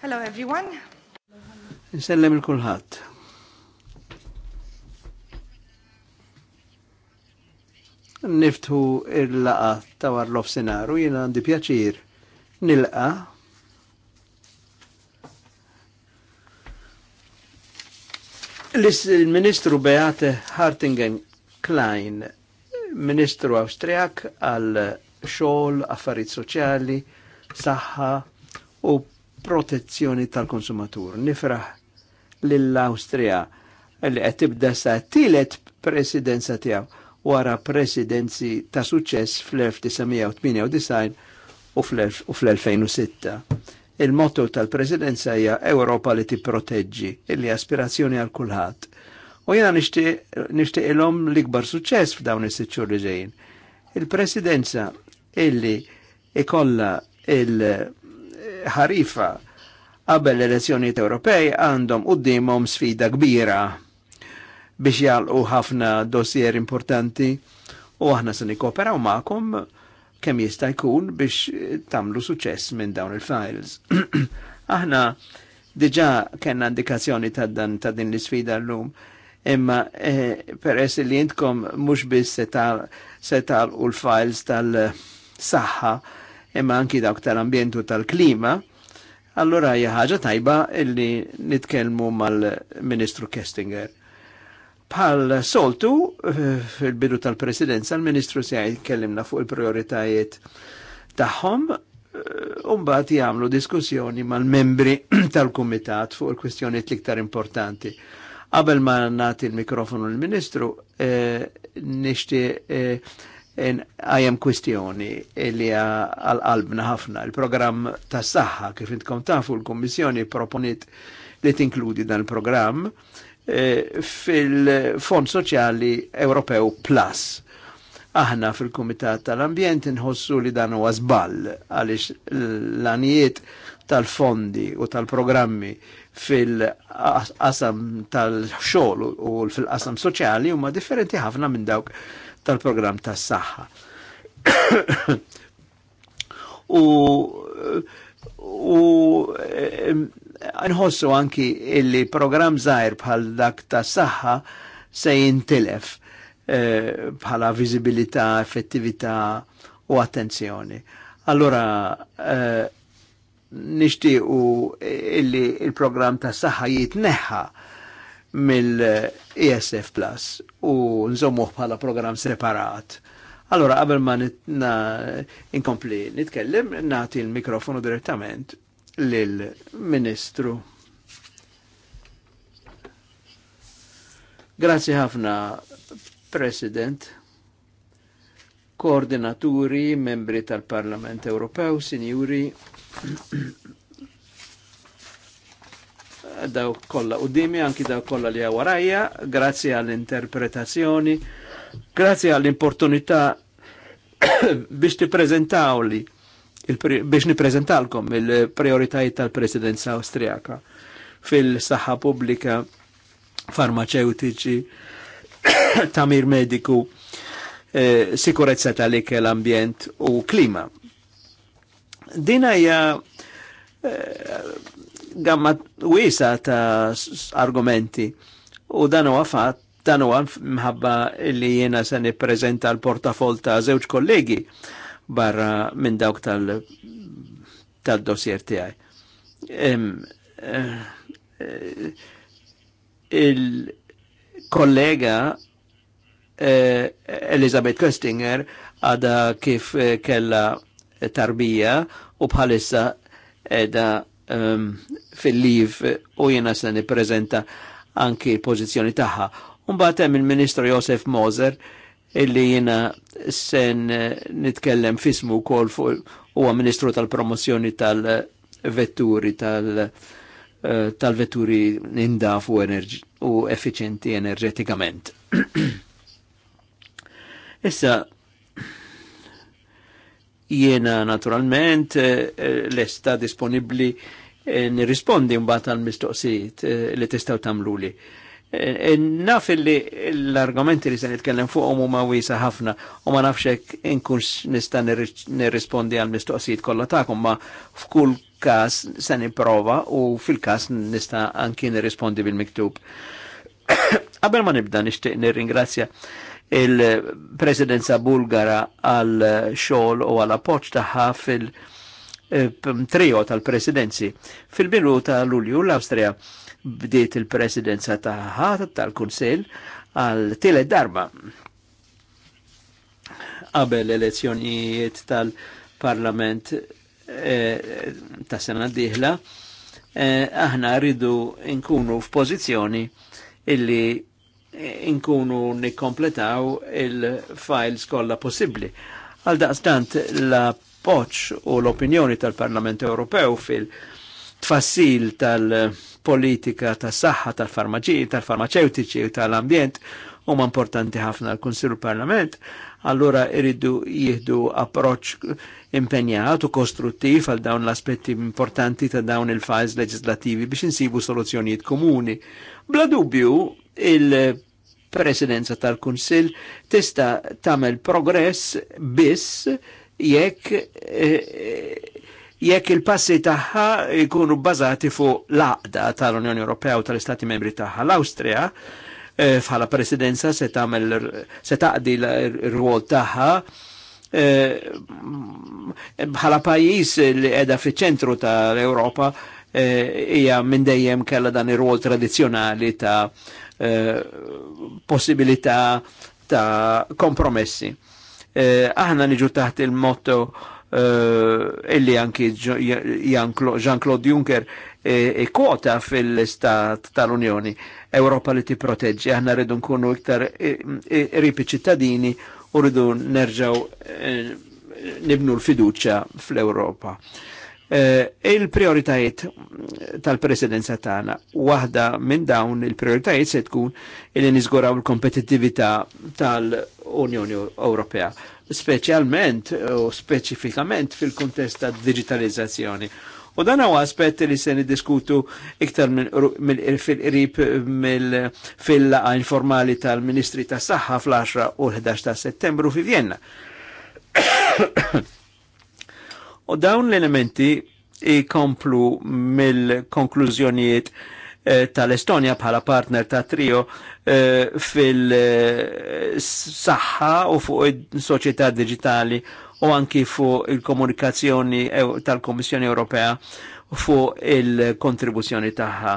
Hello everyone. Nsellem il kulħat Niftu il-laqa ta' warlof senaru jina għandi pjaċir nil-laqa. il-Ministru Beate Hartingen Klein, Ministru Austriak, għal xol, affarijiet soċjali, saħħa u protezzjoni tal-konsumatur. Nifraħ lill-Awstrija li qed tibda sa tielet presidenza tiegħu wara presidenzi ta' suċċess fl-1998 u fl-2006. Il-motto tal-presidenza hija Ewropa li tipproteġġi, illi aspirazzjoni għal kulħadd. U jena nishtiq ilhom l-ikbar suċċess f'dawn is-sitt li ġejjin. Il-presidenza illi ikolla il- ħarifa qabel l-elezzjonijiet Ewropej għandhom qudiemhom sfida kbira biex jalqu ħafna dossier importanti u aħna se nikkooperaw magħkom kemm jista' jkun biex tagħmlu suċess minn dawn il-files. aħna diġà kellna indikazzjoni ta' dan ta' din l-isfida llum imma eh, peress li intkom mhux biss se tal u l-files tal-saħħa imma anki dawk tal-ambjentu tal-klima, allora hija ħaġa tajba illi nitkellmu mal-Ministru Kestinger. Pal soltu, fil-bidu tal-presidenza, l-Ministru se jkellimna fuq il-prioritajiet tagħhom Umbat jagħmlu diskussjoni mal-membri tal-Kumitat fuq il-kwistjonijiet l-iktar importanti. Qabel ma nagħti il-mikrofonu l-Ministru, eh, nixtieq nixti eh, għajem kwistjoni li għal-qalbna ħafna. Il-programm ta' saħħa kif intkom tafu l-Kommissjoni proponit li tinkludi dan il-programm eh, fil-Fond Soċjali Ewropew Plus. Aħna fil-Kumitat tal-Ambjent nħossu li dan huwa żball għaliex l-anijiet tal-fondi u tal-programmi fil-qasam tal-xogħol u fil-qasam soċjali huma differenti ħafna minn dawk tal-programm tas-saħħa. u u nħossu anki illi program zaħir bħal dak ta' saħħa se jintilef eh, bħala viżibilità, effettività u attenzjoni. Allora, eh, nixtiequ illi il-program ta' saħħa jitneħħa mill-ESF Plus u nżommuh bħala program separat. Allora, qabel ma inkompli nitkellem, nati l mikrofonu direttament lill-Ministru. Grazie ħafna, President, koordinaturi, membri tal-Parlament Ewropew, sinjuri, daw kolla u dimi, anki daw kolla li għawarajja, grazzi għall-interpretazzjoni, grazzi għall importunità biex ti prezentawli, biex ni prezentalkom il-prioritajiet tal-presidenza austriaka fil-saħħa pubblika farmaceutiċi, tamir mediku, eh, sikurezza tal l ambjent u klima. Dina hija eh, gamma wisa ta' argumenti. U dan huwa fatt dan huwa mħabba li jiena se nippreżenta l-portafol ta' żewġ kollegi barra minn dawk tal tal-dossier tiegħi. Eh, eh, il-kollega eh, Elizabeth Köstinger għada kif eh, kella tarbija u bħalissa edha um, fil-liv u jena se nippreżenta anki pozizjoni pożizzjoni tagħha. Mbagħad hemm il-Ministru Josef Moser illi jena sen eh, nitkellem fismu wkoll fuq huwa Ministru tal-Promozzjoni tal-Vetturi tal- eh, tal-vetturi tal u, u effiċenti Issa Jiena naturalment eh, eh, l-esta disponibli eh, nirrispondi mbagħad għal mistoqsijiet li tistgħu tagħmluli. Naf li l-argumenti li se nitkellem fuqhom huma wiesa ħafna u ma nafx hekk inkun nista' nirrispondi għal mistoqsijiet kollha tagħkom ma f'kull każ se nipprova u fil-każ nista' anki nirrispondi bil-miktub. Qabel ma nibda nixtieq nirringrazzja ringrazzja il-presidenza bulgara għal xogħol u għal appoċ taħħa fil- eh, trio tal-presidenzi. Fil-bilu ta' Lulju l-Awstrija bdiet il-presidenza taħħa tal-Kunsel għal tele darba qabel elezzjonijiet tal-Parlament tas eh, ta' sena diħla eh, aħna rridu nkunu f'pożizzjoni illi inkunu nikkompletaw il-files kollha possibbli. Għal daqstant la poċ u l-opinjoni tal-Parlament Ewropew fil-tfassil tal-politika tas saħħa tal-farmaċiji, tal-farmaceutiċi u tal-ambjent huma importanti ħafna l-Konsil Parlament, allura iridu jihdu approċ impenjat u kostruttiv għal dawn l-aspetti importanti ta' dawn il-fajz leġislativi biex insibu soluzzjonijiet komuni. Bla dubju, il- presidenza tal-Kunsill tista tamel progress biss jekk eh, jekk il-passi taħħa jkunu bazati fuq l-aqda tal-Unjoni Ewropea u tal-Istati Membri taħħa. l austria fħala eh, presidenza se taqdi l-ruol taħħa eh, bħala pajis li edha fi ċentru tal-Ewropa hija minn dejjem kella dan ir-rwol tradizzjonali ta' Eh, possibilità ta' kompromessi. Eh, aħna niġu taħt il-motto eh, illi anki Jean-Claude Juncker e kwota fil Stat tal-Unjoni Europa li ti proteġi, Aħna rridu nkunu iktar ripi ċittadini u rridu nerġaw nibnu l-fiduċa fl europa Eh, il-prioritajiet tal-presidenza tagħna waħda minn dawn il-prioritajiet se tkun li niżguraw il-kompetittività tal-Unjoni Ewropea, speċjalment u speċifikament fil-kuntest tad-digitalizzazzjoni. U dan huwa aspett li se niddiskutu iktar fil-qrib fil-laqa informali tal-Ministri tas-Saħħa fl-10 u l-11 ta' Settembru fi Vienna. U dawn l-elementi ikomplu mill-konklużjonijiet eh, tal-Estonja bħala partner ta' trio eh, fil-saħħa u fuq il-soċjetà digitali u anki fuq il-komunikazzjoni tal-Komissjoni Ewropea fuq il-kontribuzzjoni tagħha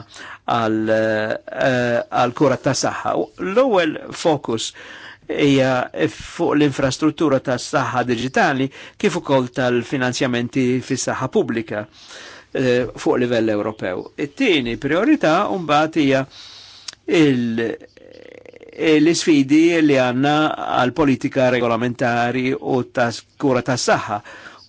għal eh, kura ta' saħħa. L-ewwel fokus hija fuq l-infrastruttura tas-saħħa digitali kif ukoll tal-finanzjamenti fis-saħħa pubblika eh, fuq livell Ewropew. It-tieni priorità mbagħad hija eh, l-isfidi li għanna għal politika regolamentari u tas kura tas saħħa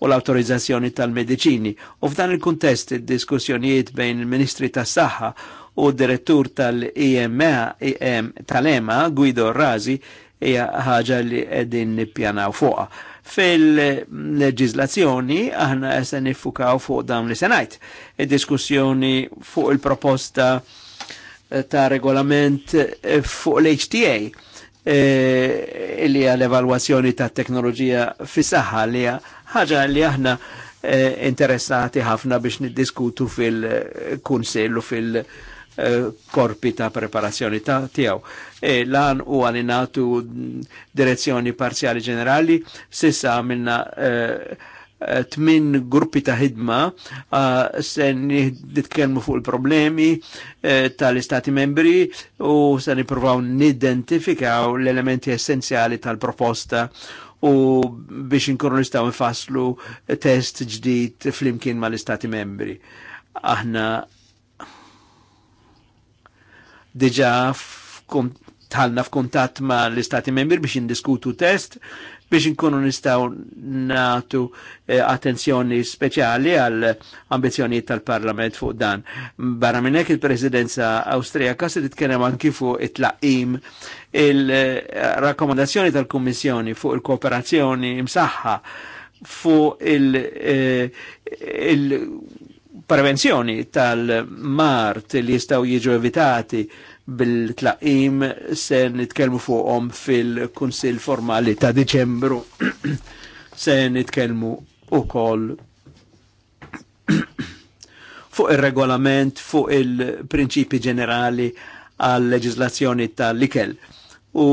u l-autorizzazzjoni tal-medicini. U f'dan il-kuntest id-diskussjonijiet bejn il-Ministri tas saħħa u d-direttur tal-EMA e tal-EMA Guido Razi hija ħaġa li qegħdin nippjanaw fuqha. Fil-leġizlazzjoni aħna se nifukaw fuq dawn li senajt. Id-diskussjoni fuq il-proposta eh, ta' regolament eh, fuq l-HTA e, eh, li l evalwazzjoni ta' teknoloġija fis-saħħa li ħaġa li aħna interessati ħafna biex niddiskutu fil-kunsillu fil-, kunsellu fil Eh, korpi ta' preparazzjoni ta' tijaw. E lan u għalinatu direzzjoni parzjali ġenerali, sissa minna eh, eh, tmin gruppi ta' hidma se nitkellmu fuq il-problemi tal-istati membri u se nippruvaw nidentifikaw l-elementi essenzjali tal-proposta u biex inkunu nistgħu nfasslu test ġdid flimkien mal-istati membri. Aħna diġa tħalna f'kuntatt ma l-istati membri biex indiskutu test biex nkunu nistaw natu eh, attenzjoni speċjali għal ambizjoni tal-Parlament fuq dan. Barra minnek il-Presidenza Awstrijaka se titkellem anki fuq it-laqim il-rakkomandazzjoni tal-Kummissjoni fuq il-kooperazzjoni msaħħa fuq il-, eh, il prevenzjoni tal-mart li jistaw jiġu evitati bil-tlaqim se nitkellmu fuqhom fil-Kunsill Formali ta' Deċembru se nitkellmu koll fuq ir-regolament fuq il-prinċipi ġenerali għal leġislazzjoni tal-ikel. U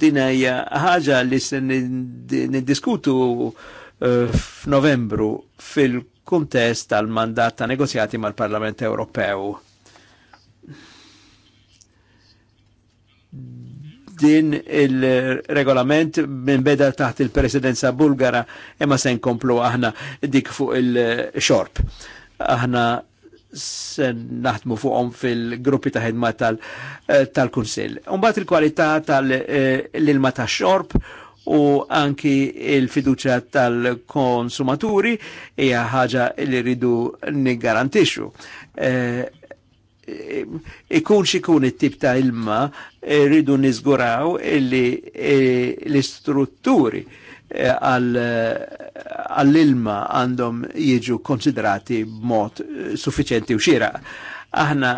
dinajja ħaġa li se niddiskutu eh, f'Novembru fil fil-kumtest tal-mandat ta' negozjati mal-Parlament Ewropew. din il-regolament minn beda taħt il-presidenza bulgara imma se nkomplu aħna dik fuq il-xorb. Aħna se naħdmu fuqhom fil-gruppi ta' ħidma eh, tal-Kunsill. Tal Umbat eh, il-kwalità tal-ilma ta' xorb u anki il-fiduċa tal-konsumaturi hija ħaġa li rridu niggarantixxu. Eh, eh, ikun e, xikun it-tip ta' ilma eh, rridu niżguraw li l-istrutturi għall-ilma għandhom jiġu konsiderati b'mod suffiċenti u xira. Aħna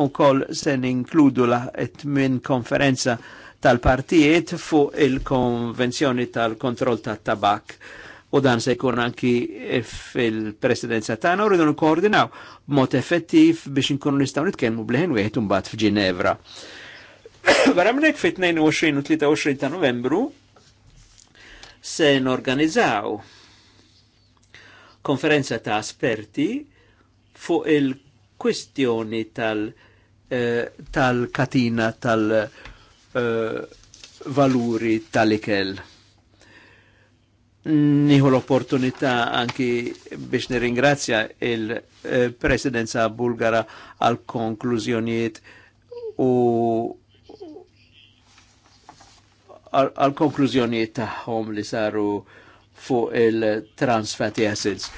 unkoll se ninkludu la' min konferenza tal-partijiet fuq il-konvenzjoni tal-kontroll tat-tabak u dan se jkun anki fil-presidenza u rridu koordinaw mod effettiv biex inkunu nistgħu nitkellmu bleħen wieħed imbagħad f'Ġinevra. Barra minn hekk fit-22 u 23 ta' Novembru se n-organizaw konferenza ta' esperti fuq il-kwistjoni tal- eh, tal-katina tal-, tal Eh, valuri tal-ikel. Niħu l-opportunità anki biex nirringrazzja il-presidenza bulgara għal konklużjoniet u għal konklużjoniet taħħom li saru fuq il-trans fatty acids.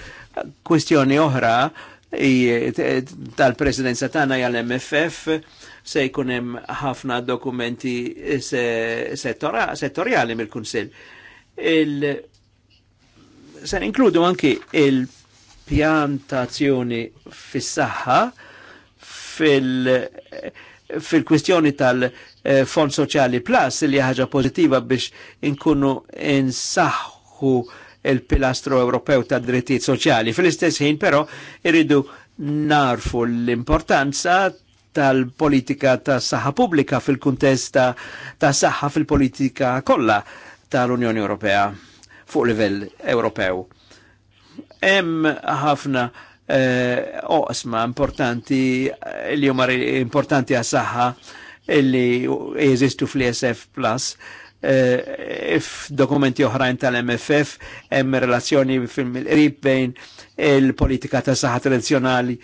Kwestjoni oħra tal-presidenza tagħna għal MFF se jkun hemm ħafna dokumenti eh, settorjali mill kunsil Il... Se inkludu anki il-pjantazzjoni fis-saħħa fil- fil-kwistjoni tal-Fond eh, Soċjali Plus li ħaġa pozittiva biex inkunu insaħħu il-pilastro Ewropew ta' drittijiet soċjali. fl istess ħin però irridu narfu l-importanza tal-politika ta' saħħa pubblika fil-kuntesta ta' saħħa fil-politika kollha tal-Unjoni Ewropea fuq livell Ewropew. Hemm ħafna eh, oqsma importanti eh, li huma importanti għas saħħa illi jeżistu fl-ESF Plus Eh, f'dokumenti oħrajn tal-MFF hemm relazzjoni fil-qrib bejn il-politika ta' saħħa tradizzjonali,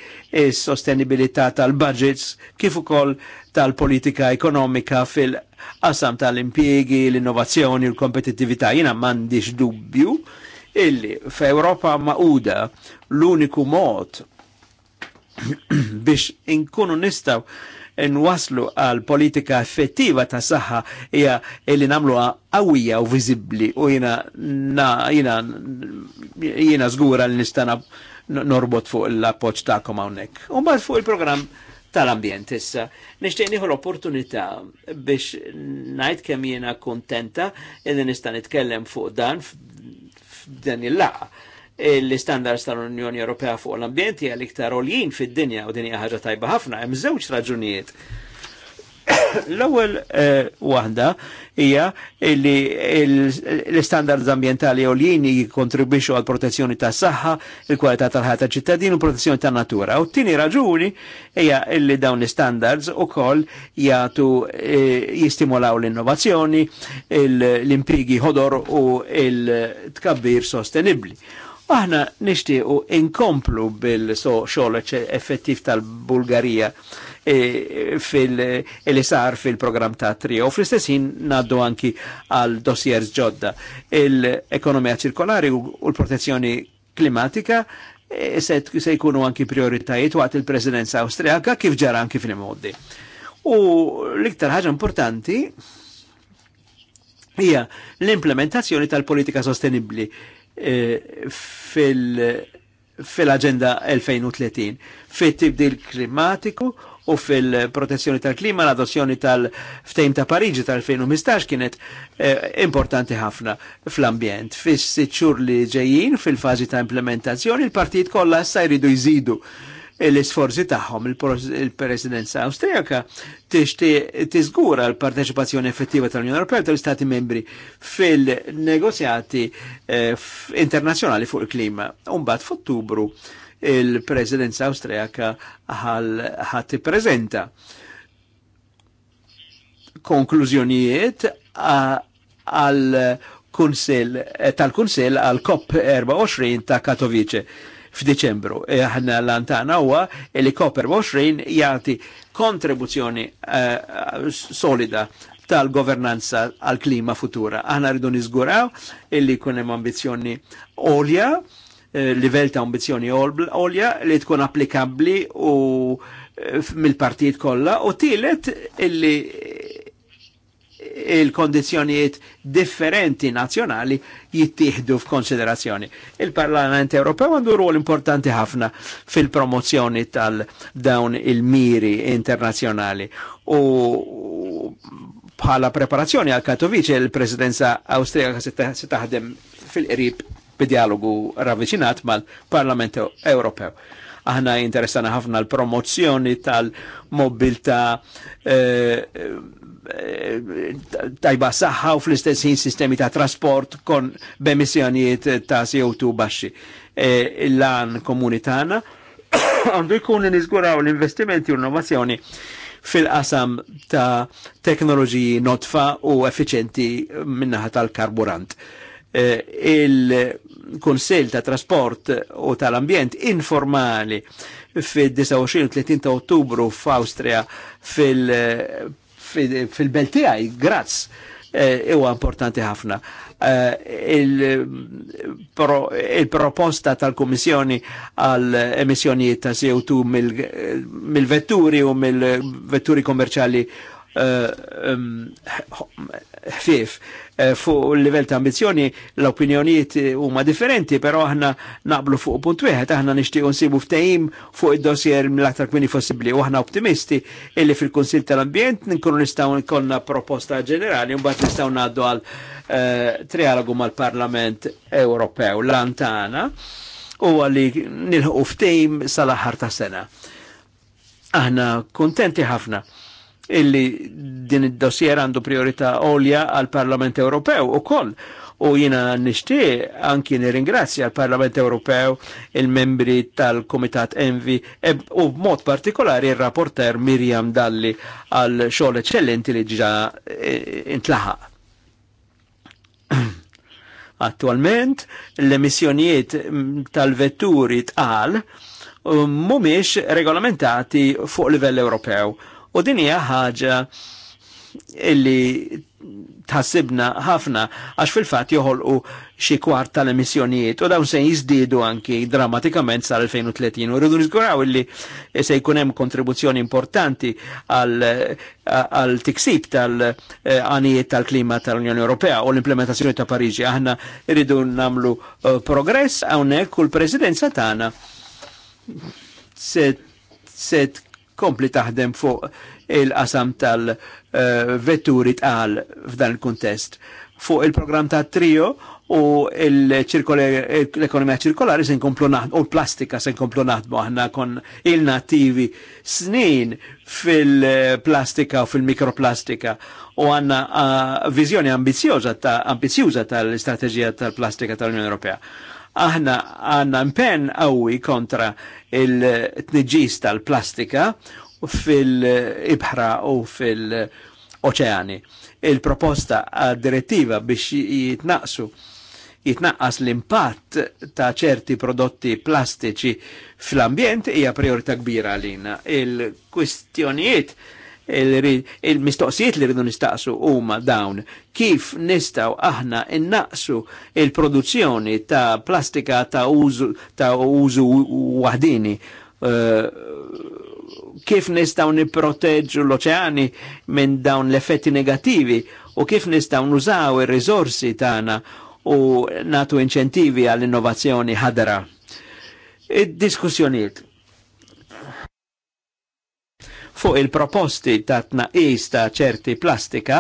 s sostenibilità tal-budgets, kif ukoll tal-politika ekonomika fil-qasam tal impiegi l-innovazzjoni l-kompetittività. Jina m'għandix dubju illi f'Ewropa maquda l-uniku mod biex inkunu nistaw nwaslu għal politika effettiva ta' saħħa hija li namluha qawwija u viżibbli u jiena jiena jiena żgura li nistana norbot fuq l-appoġġ tagħkom hawnhekk. U fuq il-programm tal-ambjent issa. Nishtiq nieħu l-opportunità biex ngħid kemm jiena kuntenta illi nista' nitkellem fuq dan f'dan il-laqa l-standards tal-Unjoni Ewropea fuq l-ambjent għal l-iktar oljin fid-dinja u din hija ħaġa tajba ħafna hemm żewġ raġunijiet. L-ewwel eh, waħda hija li l-standards ambjentali oljin jikkontribwixxu għal protezzjoni tas-saħħa, il-kwalità tal-ħajja tal-ċittadin u protezzjoni tan-natura. U t-tieni raġuni hija li dawn l-standards ukoll jagħtu eh, jistimulaw l-innovazzjoni, l-impjigi ħodor u l-tkabbir sostenibbli. Aħna nixtiequ inkomplu bil-xogħol -so effettiv tal-Bulgarija e, fil e, sar fil-programm ta' trio. fl istessin naddu anki għal dossier ġodda. Il-ekonomija ċirkolari u l-protezzjoni klimatika e, se jkunu anki prioritajiet waqt il-presidenza Awstrijaka kif ġara anki fil-modi. U l-iktar ħaġa importanti hija l-implementazzjoni tal-politika sostenibbli Eh, fil-Agenda 2030, fit-tibdil klimatiku u fil-protezzjoni tal-klima l-adozzjoni tal-ftejm ta' Parigi tal-2015 kienet eh, importanti ħafna fl-ambjent. Fis-sitxur li ġejjin fil-fazi ta' implementazzjoni il-partijiet kollha issa jridu jżidu l-isforzi tagħhom il-Presidenza Awstrijaka tiżgura l-parteċipazzjoni effettiva tal-Unjoni Ewropea tal-Istati membri fil-negozjati eh, internazzjonali fuq il-klima. Umbagħad f'Ottubru il-Presidenza Awstrijaka ħadd tippreżenta konklużjonijiet għal kunsel eh, tal-kunsel għal COP 24 ta' Katowice f'Diċembru. Aħna e l-antana huwa li Koper 20 jagħti kontribuzzjoni uh, solida tal-governanza għal klima futura. Aħna rridu niżguraw illi jkun hemm ambizzjoni olja, e, livell ta' ambizzjoni olja li tkun applikabbli u e, mill-partijiet kollha u tielet illi il-kondizjonijiet differenti nazjonali jittieħdu f'konsiderazzjoni. Il-Parlament Ewropew għandu ruol importanti ħafna fil-promozzjoni tal-dawn il-miri internazzjonali u bħala preparazzjoni għal Katowice il-presidenza Awstrijaka se taħdem fil-qrib b'dialogu ravvicinat mal-Parlament Ewropew aħna interessana ħafna l-promozzjoni tal-mobilta eh, tajba saħħa u fl-istess ħin sistemi ta' trasport kon b'emissjonijiet ta' CO2 baxxi. E, il-lan komuni tagħna għandu jkun li niżguraw l-investimenti u l-innovazzjoni fil-qasam ta' teknoloġiji notfa u effiċenti minnaħa tal-karburant. E, Il-Konsil ta' Trasport u tal-Ambjent informali fil-29-30 ta' Ottubru f'Austria fil fil-beltijaj, grazz, eh, huwa importanti ħafna. Eh, il-proposta tal-Komissjoni għal emissjonijiet ta' CO2 mill-vetturi u mill-vetturi kommerċali eh, ħfif. Eh, fuq il-livell ta' ambizjoni l-opinjonijiet eh, huma differenti, però aħna naqblu fuq punt wieħed, aħna nixtiequ nsibu ftehim fuq id-dossier mill-aktar kmini possibbli u aħna optimisti illi fil-Kunsill tal-Ambjent nkunu nistgħu nkollna proposta ġenerali u mbagħad nistgħu ngħaddu għal eh, trialogu mal-Parlament Ewropew l-An l-antana u għalli nilħu ftehim sal-aħħar ta' sena. Aħna kontenti ħafna illi din id-dossier għandu priorità olja għal Parlament Ewropew u koll. U jina nishti anki nirringrazzja għal parlament Ewropew, il-membri tal-Komitat Envi e, u mod partikolari il-rapporter Mirjam Dalli għal xogħol eccellenti li ġa e, intlaħa. Attualment l-emissjonijiet tal-vetturi tqal mumiex um, regolamentati fuq livell Ewropew U din hija ħaġa illi tħassibna ħafna għax fil-fat joħolqu xi kwart tal-emissjonijiet u dawn se jiżdiedu anki drammatikament sal-2030 u rridu niżguraw illi se jkun hemm kontribuzzjoni importanti għal tiksib tal-għanijiet tal-klima tal-Unjoni Ewropea u l-implementazzjoni ta' Pariġi. Aħna rridu namlu eh, progress hawnhekk u l-Presidenza tagħna se kompli taħdem fuq il-qasam tal-vetturi tqal f'dan il-kuntest. Fuq il-programm ta' trio u l-ekonomija ċirkolari se nkomplu naħdmu, u l-plastika se nkomplu naħdmu, aħna kon il-nativi snin fil-plastika u fil-mikroplastika u għanna vizjoni ambizjuża ta' ambizjuża tal-istrateġija tal-plastika tal-Unjoni Ewropea. Aħna għanna mpen qawwi kontra il-tniġis tal-plastika fil-ibħra u fil-oċeani. Il-proposta għad-direttiva biex jitnaqsu jitnaqqas l-impatt ta' ċerti prodotti plastiċi fl-ambjent hija priorità kbira għalina. Il-kwistjonijiet il-mistoqsijiet li rridu nistaqsu huma dawn. Kif nistaw aħna innaqsu il-produzzjoni ta' plastika ta' użu ta' użu waħdini? Eh, kif nistaw niproteġu l-oċeani minn dawn l-effetti negativi u kif nistaw nużaw ir-riżorsi tagħna u natu inċentivi għall-innovazzjoni ħadra. Id-diskussjoniet fuq il-proposti ta' tnaqis ta' ċerti plastika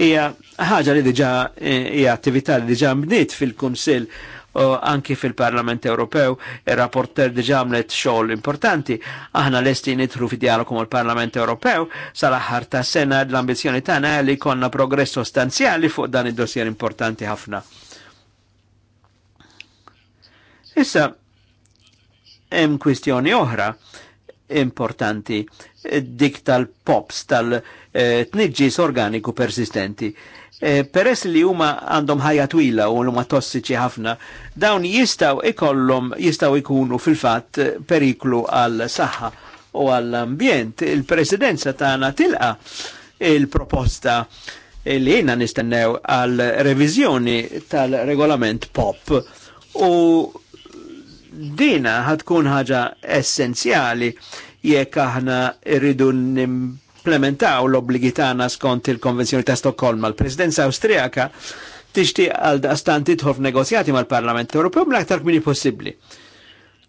hija ħaġa li diġa eh, hija attività li diġa mbniet fil-Kunsill u anki fil-Parlament Ewropew, ir rapporter diġa għamlet xogħol importanti. Aħna lesti nitru fi dialogu mal parlament Ewropew sal-aħħar ta' sena l ambizzjoni tagħna li konna progress sostanzjali fuq dan id-dossier importanti ħafna. Issa hemm kwistjoni oħra importanti eh, dik tal-pops, tal-tniġġis organiku persistenti. Eh, peress li huma għandhom ħajja twila u huma tossiċi ħafna, dawn jistaw ikollhom jistaw ikunu fil-fatt periklu għal saħħa u għall-ambjent. Il-presidenza tagħna tilqa il-proposta li jina nistennew għal revizjoni tal-regolament POP u dina ħatkun ħaġa essenzjali jekk aħna rridu nimplementaw l-obbligi tagħna skont il-Konvenzjoni ta' Stokholm L-Presidenza Awstrijaka tixtieq għal daqstan titħol f'negozjati mal-Parlament Ewropew mill-aktar kmini possibbli.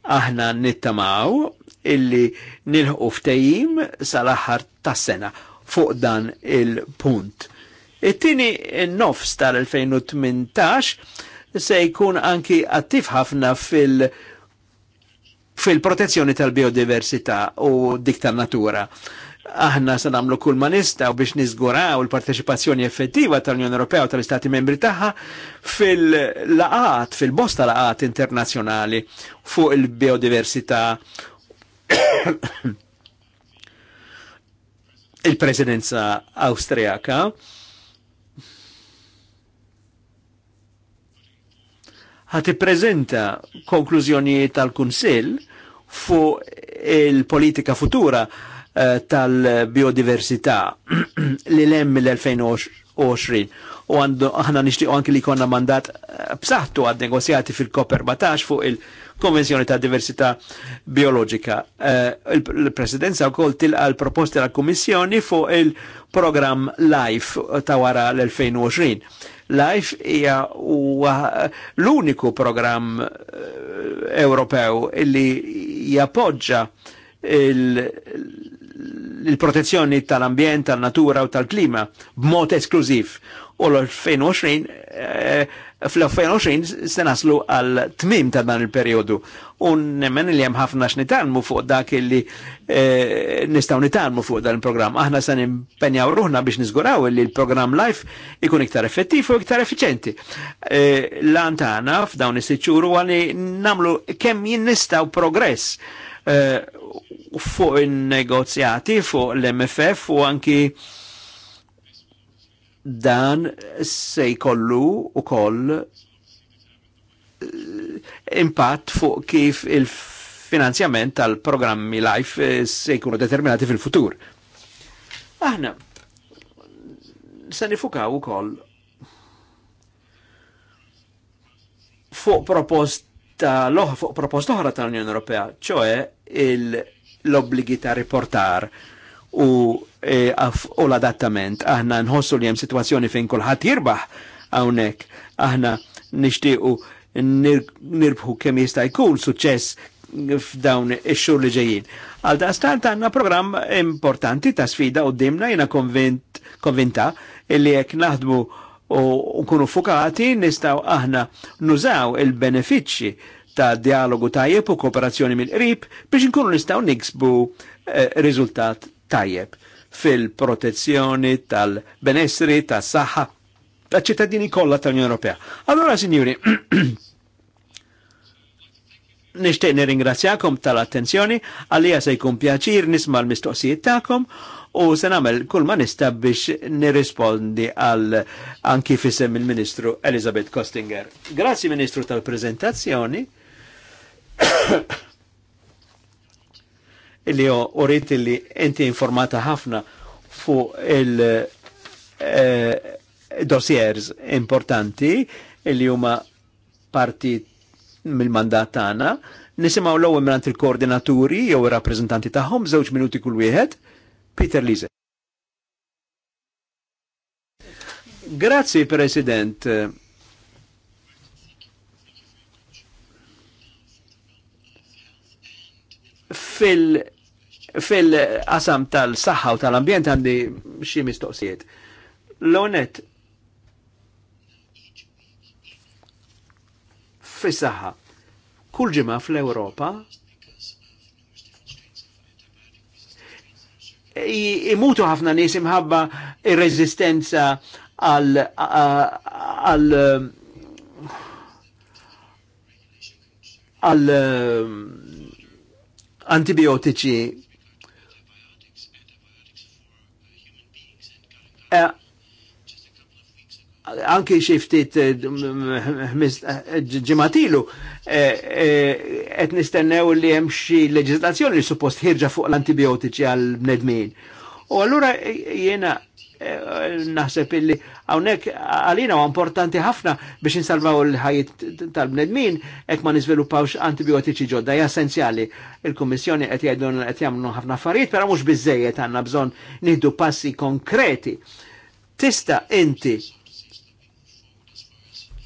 Aħna nittamaw illi nilħu ftejim sal-aħħar tas-sena fuq dan il-punt. It-tieni nofs tal-2018 se jkun anki attiv ħafna fil- fil-protezzjoni tal-biodiversità u dik tan-natura. Aħna se nagħmlu kull ma nistgħu biex nizguraw il-parteċipazzjoni effettiva tal-Unjoni Ewropea u tal-Istati Membri tagħha fil-laqat, fil-bosta laqat internazzjonali fuq il-biodiversità il-presidenza austriaka Ħa prezenta konklużjonijiet tal-Kunsill fuq il-politika futura eh, tal-biodiversità li lem mill-2020 u għandu aħna nixtiequ anki li konna mandat eh, b'saħħtu għad negozjati fil-COP14 fuq il-Konvenzjoni ta' Diversità Biologika. Eh, Il-Presidenza wkoll til għal proposti tal-Kummissjoni fuq il program LIFE ta' wara l-2020 Life hija l-uniku program uh, Ewropew illi jappoġġa il-protezzjoni il tal ambjent tal-natura u tal-klima b'mod esklużiv u l-2020 eh, fl-2020 se naslu għal tmim ta' dan il-periodu. Un nemmen li hemm ħafna x'nitalmu fuq dak li eh, nistgħu nitalmu fuq dan il-programm. Aħna se impenjaw ruħna biex niżguraw li l-programm live ikun iktar effettiv u iktar effiċenti. Eh, lan tagħna f'dawn is-siċċur huwa namlu kemm jien nistaw progress fuq il negozjati fuq l-MFF u anki dan se jkollu u koll eh, impatt fuq kif il-finanzjament tal-programmi life eh, se jkunu determinati fil-futur. Aħna, se nifukaw u koll fuq proposta loħ, fuq proposta oħra tal-Unjoni Ewropea, ċoe l-obbligi ta' riportar u għaf e, u l-adattament. Aħna nħossu li hemm situazzjoni fejn kolħat jirbaħ hawnhekk. Aħna nixtiequ nirbħu kemm jista' jkun suċċess f'dawn ix-xhur li ġejjin. Għal daqstant għandna programm importanti ta' sfida u dimna jina konvint, konvinta illi jekk naħdmu u nkunu fukati nistaw aħna nużaw il-benefiċċji ta' dialogu tajjeb u kooperazzjoni mill-qrib biex nkunu nistaw niksbu eh, riżultat tajjeb fil-protezzjoni tal-benessri, tas-saħħa, ta' ċittadini kollha tal-Unjoni Ewropea. Allora, sinjuri, nishtiq nirringrazzjakom tal-attenzjoni, għalija se jkun pjaċir nisma' l-mistoqsijiet tagħkom u se nagħmel kull ma nista' biex nirrispondi għal anki fisem il-Ministru Elizabeth Kostinger. Grazzi Ministru tal-preżentazzjoni. li urit li inti informata ħafna fuq il-dossiers eh, importanti li huma parti mill-mandat tagħna. Nisimgħu l-ewwel mirant il-koordinaturi jew ir-rappreżentanti tagħhom żewġ minuti kull wieħed. Peter Lise. Grazzi President. fil Fil-qasam tal-saħħa u tal-ambjent għandi xi mistoqsijiet. L-onet fis-saħħa. Kull ġimgħa fl-Ewropa imutu ħafna nies imħabba ir-reżistenza għal għal għal antibiotiċi Eh, anki xiftit eh, eh, ġimatilu et nistennew li jemxi xi leġislazzjoni li suppost ħirġa fuq l-antibiotiċi għal nedmin U allura jena naħseb illi hawnhekk għalina huwa importanti ħafna biex insalvaw il-ħajjit tal-bnedmin ek ma nizvilupawx antibiotiċi ġodda hija essenzjali. Il-Kummissjoni qed jgħidu qed jagħmlu ħafna affarijiet, però mhux biżejjed għandna bżonn nieħdu passi konkreti. Tista' inti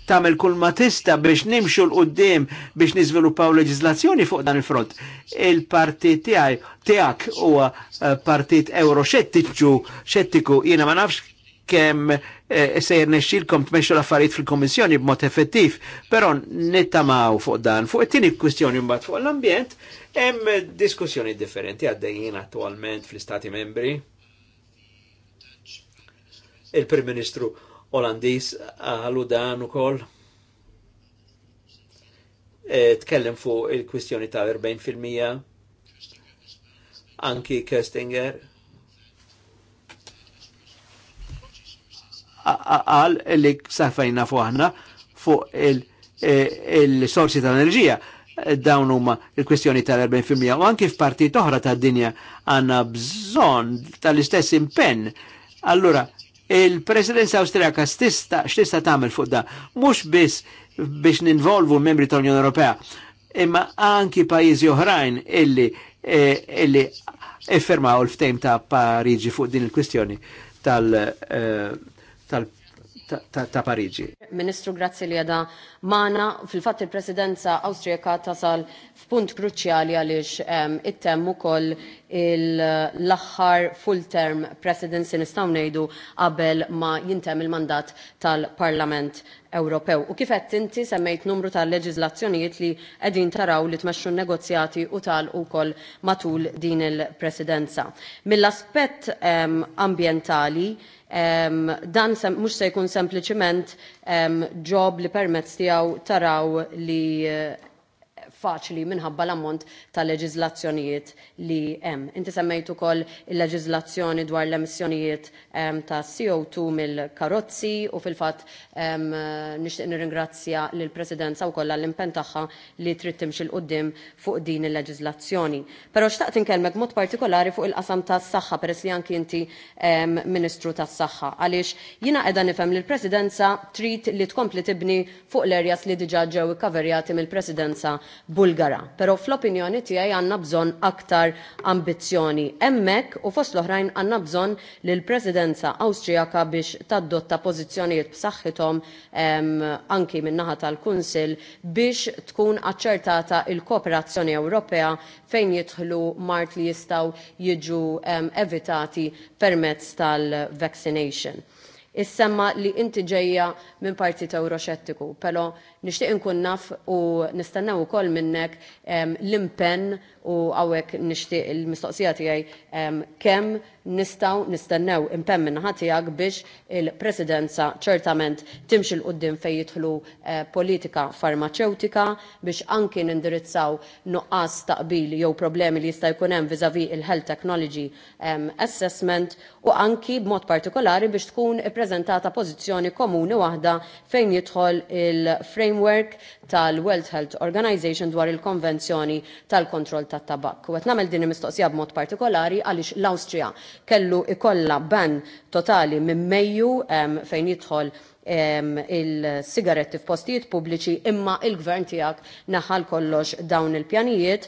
tamel kull ma tista biex nimxu l-qoddim biex nizviluppaw leġizlazzjoni fuq dan il-front. Il-partit tiegħi tiegħek huwa eh, partit euroxettiċu xettiku jiena ma nafx kemm eh, sejr nexxilkom tmexxu l-affarijiet fil-Kommissjoni b'mod effettiv, però nittamaw fuq dan. Fuq it-tieni kwistjoni mbagħad fuq l-ambjent hemm diskussjoni differenti għaddejjin attualment fl-Istati membri. Il-Prim Ministru Olandis għalu dan ukoll. koll. E, tkellem fuq il-kwistjoni ta' 40% anki Kestinger għal li safajna fuq aħna fu e, il-sorsi ta' enerġija dawn huma il kwistjoni tal-40% u anki f'partit oħra tad-dinja għandna bżonn tal-istess impenn. Allura il-presidenza Austriaka stista tagħmel fuq da, mhux biss biex ninvolvu membri tal-Unjoni Ewropea, imma anki pajjiżi oħrajn illi e, illi effermaw l-ftejm ta' Pariġi fuq din il-kwistjoni tal- e, tal ta' Pariġi. Ministru, grazzi li għada maħna fil-fat il-presidenza Awstrijaka tasal f'punt kruċjali għaliex it-temm ukoll l-aħħar full-term presidenzi nistgħu ngħidu qabel ma jintem il-mandat tal-Parlament Ewropew. U kif qed inti semmejt numru tal leġizlazzjonijiet li qegħdin taraw li tmexxu negozjati u tal ukoll matul din il-presidenza. Mill-aspett ambjentali Um, dan mhux se jkun sempliċement um, job li permezz tiegħu taraw li uh, faċli minħabba l-ammont ta' leġizlazzjonijiet li hemm. Inti semmejt ukoll il-leġizlazzjoni dwar l-emissjonijiet ta' CO2 mill-karozzi u fil-fatt nixtieq nirringrazzja lil presidenza wkoll għall-impenn tagħha li trid timxi l-qudiem fuq din il-leġizlazzjoni. Però xtaqt inkellmek mod partikolari fuq il-qasam tas-saħħa peress li anki inti Ministru tas-Saħħa għaliex jiena qiegħda nifhem li l-Presidenza trid li tkompli tibni fuq l-erjas li diġà ġew ikkaverjati mill-Presidenza Bulgara. Pero fl-opinjoni tiegħi għandna bżonn aktar ambizzjoni hemmhekk u fost l-oħrajn għandna bżonn li l-Presidenza Awstrijaka biex tadotta pożizzjonijiet b'saħħithom anki min-naħa tal-Kunsill biex tkun aċċertata il-kooperazzjoni Ewropea fejn jidħlu mart li jistgħu jiġu evitati permezz tal-vaccination. Issemma li inti ġejja minn partit euroxettiku, pero nishtiq nkun naf u nistennew ukoll minnek l-impenn u għawek nishtiq il-mistoqsija tiegħi kemm nistaw nistennew impemmin minnaħa tiegħek biex il-presidenza ċertament timxil qudiem fejn jidħlu eh, politika farmaceutika biex anki nindirizzaw nuqqas taqbil jew problemi li jista' jkun hemm il-health technology assessment u anki b'mod partikolari biex tkun ippreżentata pożizzjoni komuni waħda fejn jidħol il-framework tal-World Health Organization dwar il-Konvenzjoni tal-Kontroll tat-Tabak. U qed nagħmel din il-mistoqsija b'mod partikolari għaliex l-Awstrija kellu ikolla ban totali minn Mejju fejn jidħol il-sigaretti f'postijiet pubbliċi imma il-gvern tiegħek naħal kollox dawn il-pjanijiet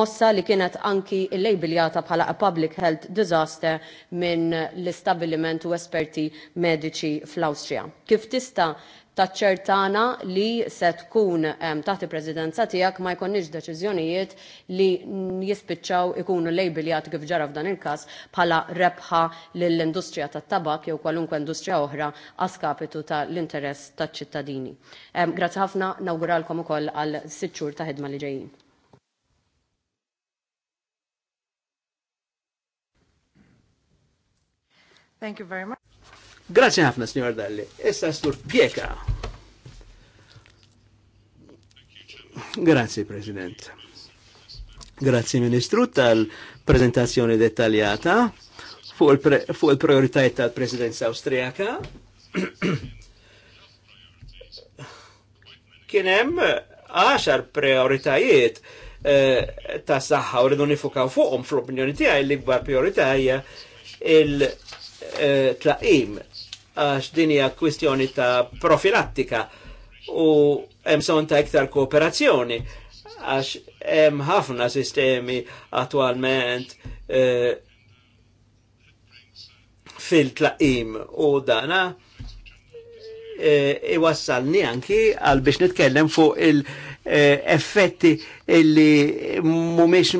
mossa li kienet anki il-lejbiljata bħala a public health disaster minn l establiment u esperti medici fl-Awstrija. Kif tista' taċċertana li se tkun taħt il-Presidenza tiegħek ma jkunniex deċiżjonijiet li jispiċċaw ikunu lejbiljat kif ġara f'dan il-każ bħala rebħa lill-industrija tat-tabak jew kwalunkwe industrija oħra għaskapitu tal-interess taċ-ċittadini. Grazzi ħafna nawguralkom ukoll għal sitt ta' ħidma li ġejjin. Thank you very much. Grazie ħafna, signor Dalli. Issa stur pieka. Grazie, President. Grazie, Ministru, tal-prezentazzjoni dettaljata fuq il-prioritajiet il tal-Presidenza Austriaka. hemm għaxar prioritajiet eh, ta' saħħa u rridu nifukaw fuqhom fl-opinjoni tiegħi l-ikbar priorità il-tlaqim eh, għax din hija kwistjoni ta' profilattika u hemm son ta' iktar kooperazzjoni għax hemm ħafna sistemi attualment eh, fil-tlaqim u dana Eh, iwassalni anki għal biex nitkellem fuq il-effetti eh, illi mumiex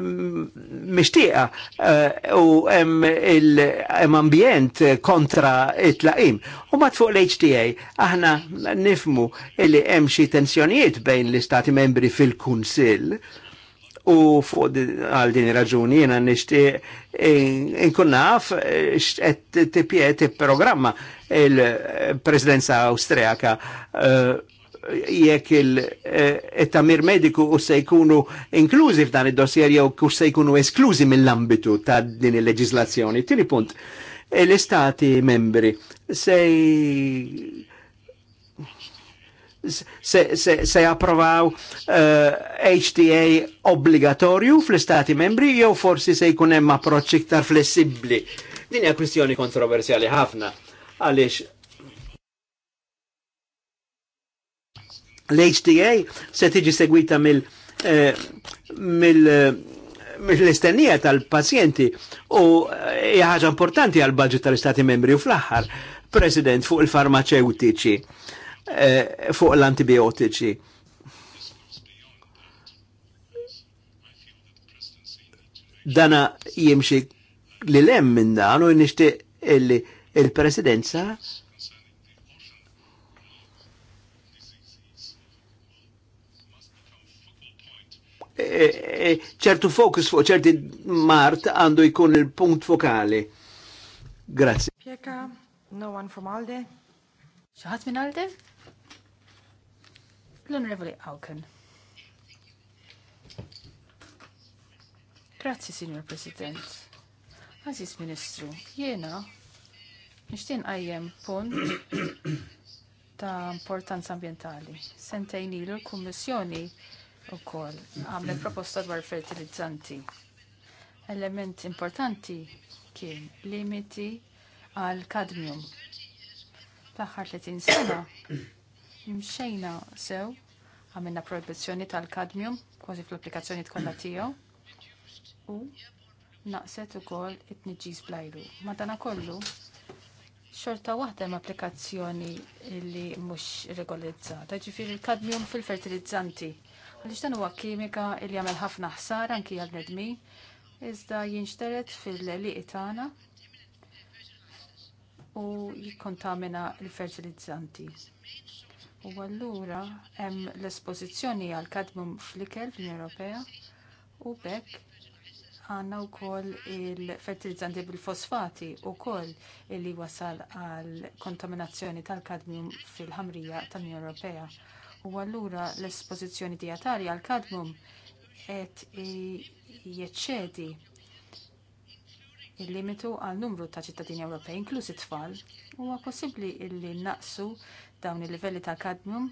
mixtieqa eh, u hemm ambjent kontra it-tlaqim. U mat fuq l-HTA aħna nifmu illi hemm xi tensjonijiet bejn l-istati membri fil-Kunsill U fuq għal din raġuni jena nishtiq inkun eh, naf eh, xqed programma il-presidenza Awstrijaka eh, jekk il-tamir mediku u se jkunu inklużi f'dan id-dossier jew kux se jkunu esklużi mill-ambitu ta' din il leġizlazzjoni Tini punt, l-istati membri se se uh, eh, HTA obbligatorju fl-istati membri jew forsi se jkun hemm approċċ iktar flessibbli. Din hija kwistjoni kontroversjali ħafna għaliex l-HTA se tiġi segwita mill eh, mill mill-istennija tal-pazjenti u hija ħaġa importanti għal budget tal-Istati membri u fl-aħħar President fuq il-farmaceutiċi. Eh, fuq l-antibiotiċi. Dana jimxi li lem minn dan u nishti il-presidenza eh, eh, ċertu fokus fuq ċerti mart għandu jkun il-punt fokali. Grazie. Pieka, no one from Alde. ċaħat minn Alde? L-Onorevoli Alken. Grazzi, Signor President. Aziz Ministru, jena nishtin għajjem punt ta' importanza ambientali. Sentajni l-Kummissjoni u kol għamle proposta dwar fertilizzanti. Element importanti kien limiti għal kadmium. L-aħħar 30 sena imxejna sew għamilna proibizzjoni tal-kadmium kważi fl-applikazzjoni tkolla tiegħu u naqset ukoll it-tniġġis blajru. Madana kollu xorta waħda hemm applikazzjoni li mhux regolizzata, ġifieri il-kadmium fil-fertilizzanti. Għaliex dan huwa kimika li jagħmel ħafna ħsara anki għal nedmi iżda jinxteret fil-liqi tagħna u jikkontamina l-fertilizzanti U allura hemm l-espożizzjoni għal kadmum fl-ikel fl Ewropea u bekk għandna wkoll il-fertilizzanti bil-fosfati wkoll li wasal għal kontaminazzjoni tal-kadmum fil-ħamrija tal-Unjoni Ewropea. U allura l-espożizzjoni dijatarja għal kadmum qed jeċċedi il-limitu għal numru ta' ċittadini Ewropej, inklużi tfal, huwa possibbli li naqsu dawn il-livelli ta' kadmium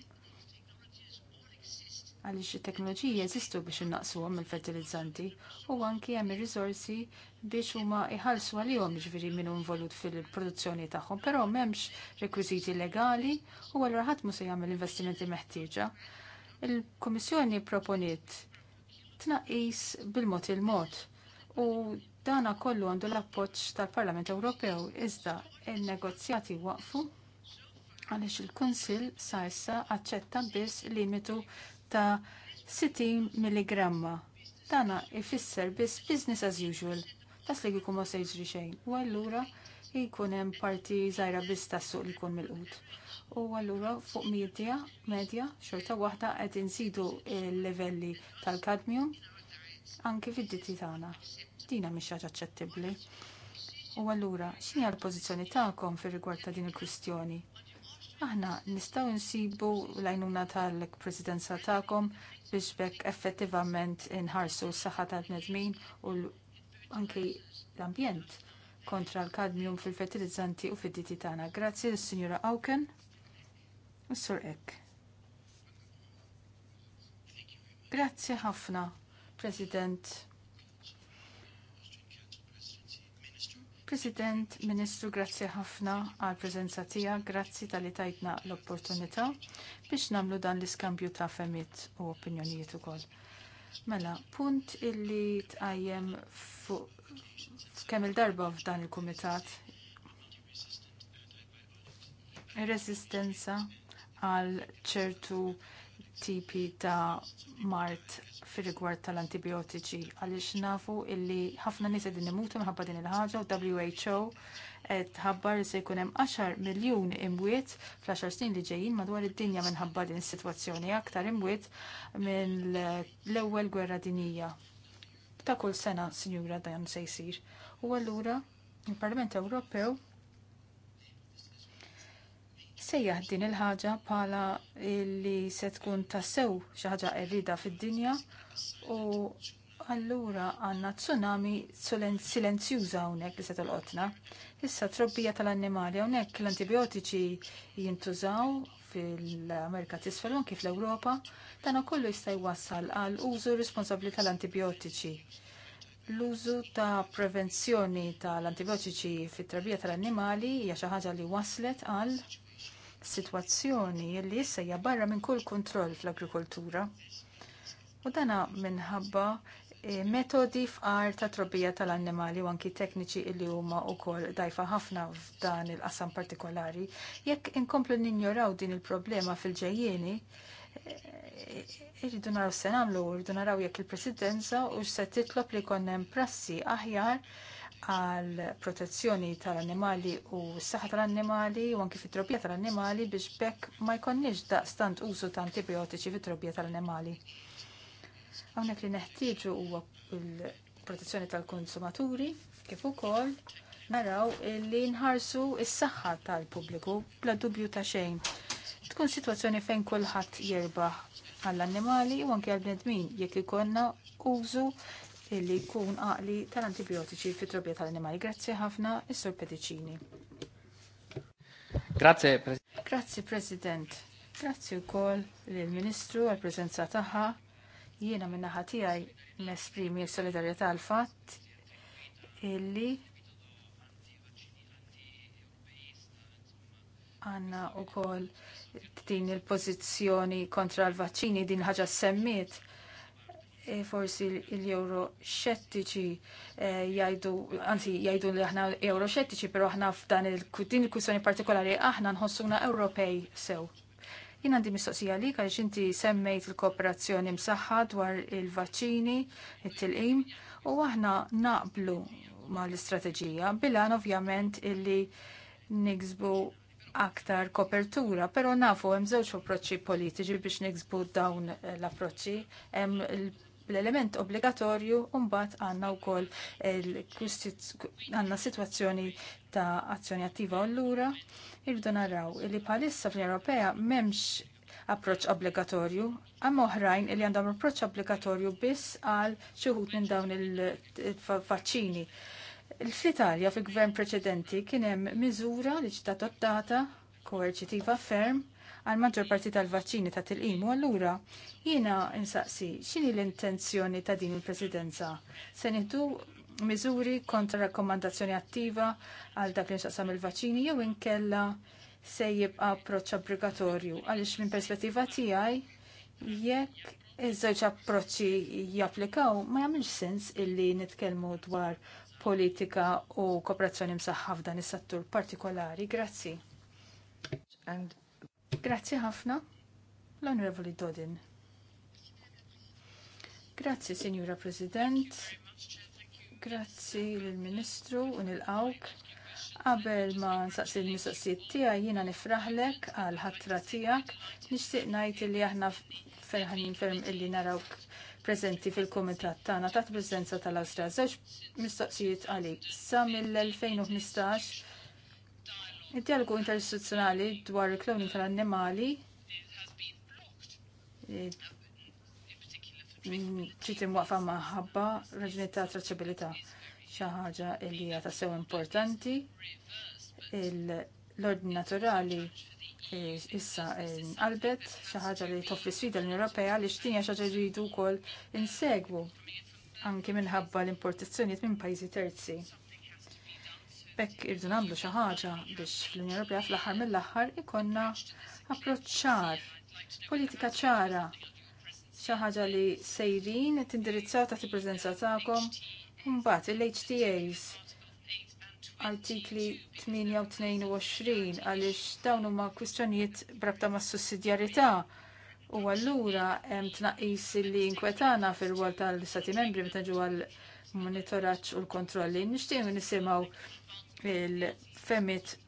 għaliex it teknoloġija jeżistu biex innaqsuhom il-fertilizzanti u anki hemm ir rizorsi biex huma jħallsu għalihom jiġifieri minnu involut fil-produzzjoni tagħhom, però m'hemmx rekwiżiti legali u allura ħadd musa se jagħmel investimenti meħtieġa. Il-Kummissjoni proponiet tnaqqis bil-mod il-mod u dana kollu għandu l-appoġġ tal-Parlament Ewropew iżda n negozjati waqfu għaliex il-Kunsill sa issa aċċetta biss limitu ta' 60 mg. Dana ifisser biss business as usual. Tas li jkun ma se jiġri xejn. U allura jkun hemm parti żgħira biss tas-suq li jkun milqut. U allura fuq media, medja, xorta waħda qed insidu l-livelli tal kadmju anke fid-ditti tagħna. Dina mhix ħaġa aċċettibbli. U allura x'inhi l-pożizzjoni tagħkom fir-rigward ta' din il-kwistjoni? aħna nistgħu nsibu l-għajnuna tal-presidenza tagħkom biex bekk effettivament inħarsu s-saħħa tal nedmin u anke l-ambjent kontra l-kadmium fil-fertilizzanti u fid-diti tagħna. Grazzi lis-Sinjura Auken u sur Ek. Grazzi ħafna, President. President, Ministru, grazzi ħafna għal prezenza tija, grazzi tal-li tajtna l-opportunità biex namlu dan l-iskambju ta' femmit u opinjonijiet ukoll. Mela, punt illi tajjem kemm il-darba f'dan il-kumitat il resistenza għal ċertu tipi ta' mart fir rigward tal-antibiotiċi għaliex nafu illi ħafna nies qegħdin imutu minħabba din il-ħaġa u WHO qed tħabbar se jkun hemm 10 miljun imwiet fl-10 snin li ġejjin madwar id-dinja minħabba din is-sitwazzjoni aktar imwiet minn l-ewwel gwerra dinija. Ta' kull sena, Sinjura, dan se jsir. U allura il-Parlament Ewropew sejjaħ din il-ħaġa bħala li se tkun tassew xi ħaġa qerrida fid-dinja u allura għandna tsunami silenzjuża hawnhekk li se tolqotna. Issa trobbija tal-annimali hawnhekk l-antibiotiċi jintużaw fil-Amerika t'isfel kif fl-Ewropa, dan kollu jista' jwassal għal użu responsabbli tal-antibiotiċi. L-użu ta' prevenzjoni tal-antibiotiċi fit-trabija tal-annimali hija xi ħaġa li waslet għal situazzjoni li jissa hija barra minn kull kontroll fl-agrikoltura. U dana minħabba eh, metodi f'qar ta' trobbija tal-annimali u anki tekniċi illi huma wkoll dajfa ħafna f'dan il-qasam partikolari, jekk inkomplu ninjoraw din il-problema fil-ġejjieni, eh, irridu naraw se nagħmlu, irridu naraw jekk il-presidenza u se titlob li konnem hemm prassi aħjar għal protezzjoni tal-annimali u s-saħħa tal-annimali u anki fit-trobija tal-annimali biex bekk ma da daqstant użu ta' antibiotiċi fit-trobija tal-annimali. Għonek li neħtieġu huwa l-protezzjoni tal-konsumaturi kif ukoll naraw li nħarsu s-saħħa tal-pubbliku bla dubju ta' xejn. Tkun sitwazzjoni fejn kulħadd jirbaħ għall-annimali u anke għal bnedmin jekk ikonna użu illi jkun għaqli tal-antibiotiċi fit-trobja tal-animali. Grazzi ħafna, is-Sur Pedicini. Grazie, Presidente. Grazie, President. u wkoll lill ministru għall prezenza tagħha. Jiena minna naħa tiegħi nesprimi s-solidarjetà għal fatt illi għanna u kol din il-pozizjoni kontra l-vaċċini din ħaġa semmiet E, forsi l-euro xettiċi e, jajdu, għanzi jajdu li aħna euro xettiċi, pero aħna f'dan il-kutin il-kussjoni partikolari aħna nħossuna Ewropej sew. Jien għandi mistoqsija li għax inti semmejt il-kooperazzjoni msaħħa dwar il-vaċċini, it-tilqim, u aħna naqblu ma l-istrateġija bilan ovvjament illi niksbu aktar kopertura, pero nafu hemm żewġ approċċi politiċi biex niksbu dawn l-approċċi. Hemm bl-element obbligatorju mbagħad għandna wkoll għandna sitwazzjoni ta' azzjoni attiva u lura irridu naraw li bħalissa fl Ewropea m'hemmx approċċ obbligatorju, għam oħrajn li għandhom approċċ obbligatorju biss għal xi wħud minn dawn il-vaċċini. Fl-Italja fil-gvern preċedenti kien hemm miżura li ġiet adottata koerċitiva ferm għal maġġor parti tal-vaċċini ta' tilqimu, allura jiena insaqsi x'inhi l-intenzjoni ta' din il-Presidenza? Se nieħdu miżuri kontra rakkomandazzjoni attiva għal dak li nsaqsam il-vaċċini jew inkella se jibqa' approċċ obbligatorju għaliex minn perspettiva tiegħi jekk iż-żewġ approċċi japplikaw ma jagħmilx sens illi nitkellmu dwar politika u kooperazzjoni msaħħa f'dan is-settur partikolari. Grazzi. And Grazzi ħafna, l-Onorevoli Dodin. Grazzi, Signora President. Grazzi l-Ministru u nil-Awk. Qabel ma nsaqsi l-mistoqsijiet tiegħi jiena nifraħlek għal ħatra tiegħek. Nixtieq ngħid li aħna ferħanin ferm illi narawk preżenti fil kumitat tagħna tat preżenza tal-Awstra. Żewġ mistoqsijiet għalik. Sa mill-2015 Id-dialogu interistituzzjonali dwar il kloni tal-annimali ċit eh, imwaqfa maħabba raġuni ta' traċabilita xaħġa ħaġa li hija ta' sew importanti l-ordni naturali eh, issa inqalbet eh, xi ħaġa li toffi sfida l-Unjoni li xtinja xaħġa ħaġa jridu wkoll insegwu anke minħabba l-importazzjonijiet minn pajzi terzi Bekk irdu nagħmlu xi ħaġa biex fl-Unjoni Ewropea fl-aħħar mill-aħħar ikonna approċċ politika ċara, xi ħaġa li sejrin tindirizzaw taħt il-preżenza tagħkom mbagħad il-HTAs artikli 28 għaliex dawn huma kwistjonijiet brabta mas sussidjarjetà u allura hemm tnaqqis li nkwetana fil rwol tal-Stati Membri meta ġew għall monitoraġġ u l-kontrolli. Nixtieq nisimgħu il-femit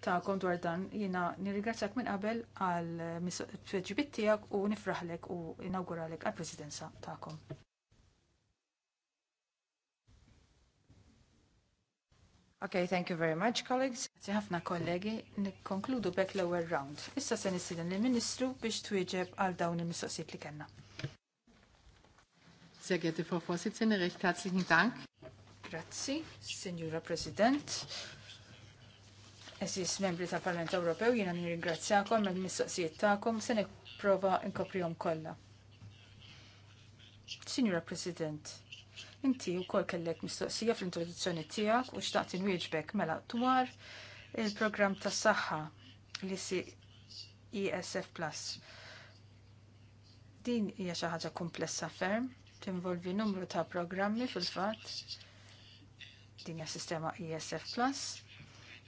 ta' dwar dan jina nirringrazzjak minn qabel għal tweġibit tiegħek u nifraħlek u inauguralek għall presidenza ta'kom. Okay, thank you very much, colleagues. ħafna kollegi, nikkonkludu bekk l-ewwel round. Issa se nistieden lill-Ministru biex twieġeb għal dawn il-mistoqsijiet li kellna. Sehr geehrte Frau Vorsitzende, recht herzlichen Dank. Grazzi, Signora President. Esis membri tal-Parlament Ewropew, jiena nirringrazzjakom mill mistoqsijiet tagħkom se nipprova nkoprihom kollha. Signora President, inti wkoll kellek mistoqsija fl-introduzzjoni tiegħek u xtaqt inwieġbek mela dwar il-programm tas saħħa li si ESF Plus. Din hija xi ħaġa komplessa ferm, tinvolvi numru ta' programmi fil-fatt dinja sistema ISF e Plus.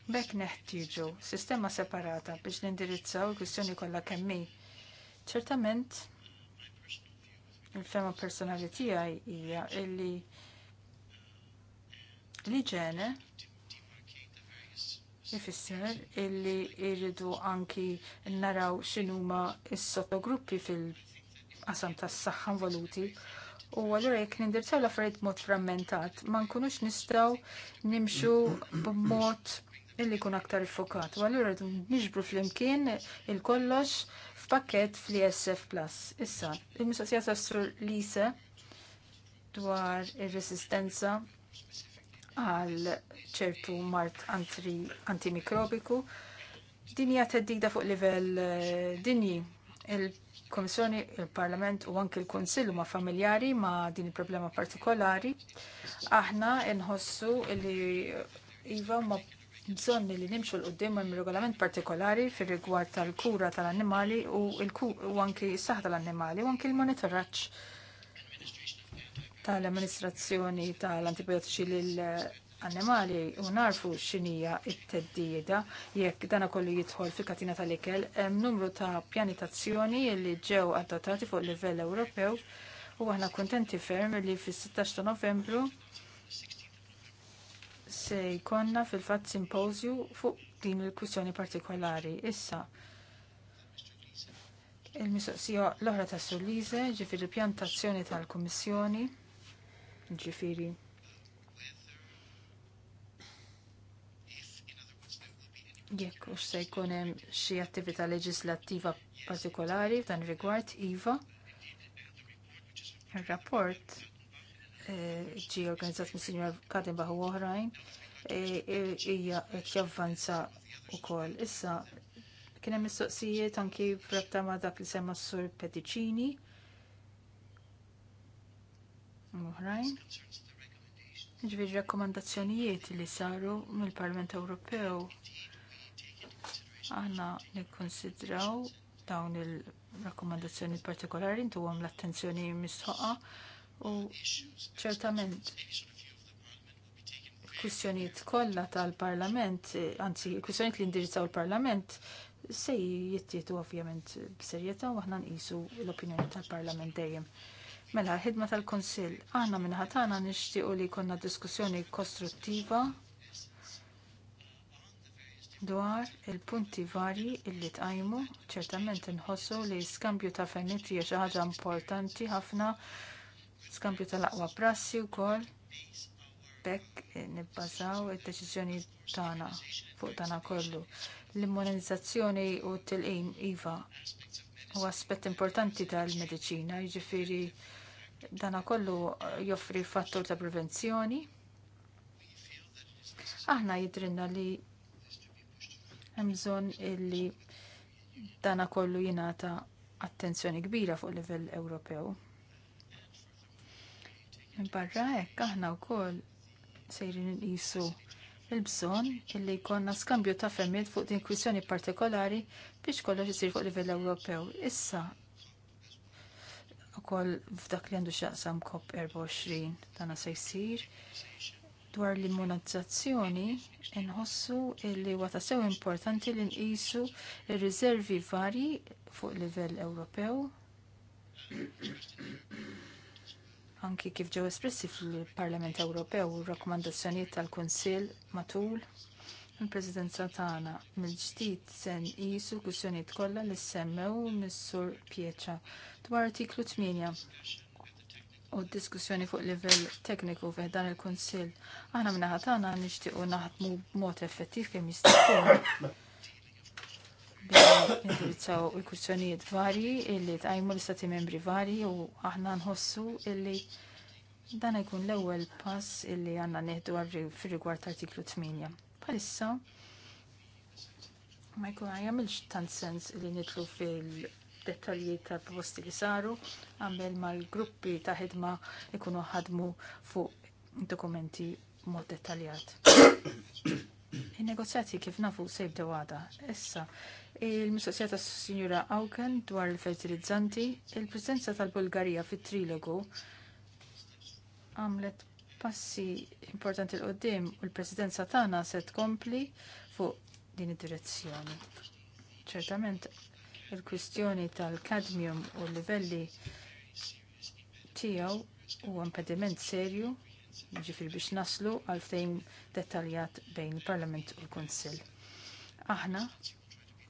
Bek neħtiġu sistema separata biex nindirizzaw il-kwistjoni kollha kemm Ċertament il-fema personali tiegħi hija illi li ġene ifisser illi jridu anki naraw x'inhuma s-sottogruppi fil-qasam tas-saħħa involuti U għallura jekk nindirċaw la fred mod frammentat, ma nkunux nistgħu nimxu b'mod illi jkun aktar fokat. U allura niġbru flimkien il-kollox f'pakkett fl-ISF Plus. Issa, il-mistoqsija ta' Sur Lise dwar ir-resistenza għal ċertu mart antimikrobiku. Din hija teddida fuq livell eh, dinji. Komissjoni, il-Parlament u anki l konsil ma' familjari ma' din il-problema partikolari. Aħna nħossu li Iva ma' bżonn li nimxu l-qoddim minn regolament partikolari fir rigward tal-kura tal-annimali u, anki s-saħ tal-annimali u anki l-monitoraċ tal-amministrazzjoni tal-antibiotiċi annimali u narfu x'inija it teddida jekk dana kollu jidħol fi katina tal-ikel hemm numru ta' pjanitazzjoni li ġew adottati fuq livell Ewropew u aħna kuntenti ferm li fis-16 ta' Novembru se jkollna fil-fatt simpożju fuq din il-kwistjoni partikolari. Issa, il-mistoqsija l-oħra ta' Sullize ġifiri pjantazzjoni tal-Kummissjoni ġifiri Jekk u se jkunem hemm xi attività leġislattiva partikolari f'dan rigward iva. Ir-rapport eh, ġie organizzat mis sinjor Kadenbach Bahu oħrajn eh, eh, hija qed javvanza wkoll. Issa kien hemm mistoqsijiet anki f'rabta ma' dak li semma s-sur Pedicini. Oħrajn. Ġviġ rakkomandazzjonijiet li saru mill-Parlament Ewropew Aħna nikkonsidraw dawn il-rakkomandazzjoni partikolari intu għam l-attenzjoni misħoqa u ċertament kwistjonijiet kollha tal-Parlament, eh, anzi kwistjonijiet li indirizzaw il-Parlament se jittietu ovvjament b'serjetà u aħna nqisu l-opinjoni tal-Parlament dejjem. Mela, ħidma tal-Konsil, aħna minnaħat aħna nixtiequ li konna diskussjoni kostruttiva dwar il-punti varji illi tqajmu, ċertament inħossu li skambju ta' femmit hija xi ħaġa importanti ħafna, skambju tal-aqwa prassi wkoll b'hekk nibbażaw id-deċiżjoni tagħna fuq dana kollu. L-immunizzazzjoni u t-tilqim iva huwa aspett importanti tal-mediċina, jiġifieri dana kollu joffri fattur ta' prevenzjoni. Aħna jidrinna li Hemm bżonn illi dana kollu jingħata attenzjoni kbira fuq livell Ewropew. Minn barra hekk aħna wkoll sejrin nqisu il-bżonn illi jkollna skambju ta' femmiet fuq din kwistjoni partikolari biex kollox isir fuq livell Ewropew. Issa ukoll f'dak li għandu x'jaqsam COP24 dana se jsir dwar l-immunizzazzjoni inħossu li huwa sew importanti li nqisu r-riservi varji fuq livell Ewropew anki kif ġew espressi fil-Parlament Ewropew u rakkomandazzjonijiet tal-Kunsill matul il-Presidenza tagħna mill-ġdid se nqisu kwistjonijiet kollha li semmew mis-Sur Pieċa dwar artiklu 8 u diskussjoni fuq livell tekniku fih dan il-Kunsill. Aħna minnaħa tagħna nixtiequ naħdmu b'mod effettiv kemm jista' biex indirizzaw il-kwistjonijiet varji illi tqajmu l-istati membri varji u aħna nħossu illi dan jkun l-ewwel pass illi għandna neħdu fir-rigward artiklu 8. Bħalissa ma jkun għajamilx tant sens li nitlu fil- dettalji tal-proposti li saru, għamel mal-gruppi ta' ħidma ikunu ħadmu fuq dokumenti mod dettaljat. Il-negozjati kif nafu se jibdew għada. Issa, il-mistoqsija ta' Sinjura Auken dwar il-fertilizzanti, il-prezenza tal-Bulgarija fit-trilogu għamlet passi importanti l-qoddim u l-presidenza tagħna se tkompli fuq din id-direzzjoni. Ċertament il-kwistjoni tal-kadmium u l-livelli tiegħu huwa impediment serju ġifir biex naslu għal fejn dettaljat bejn il-Parlament u l-Kunsill. Aħna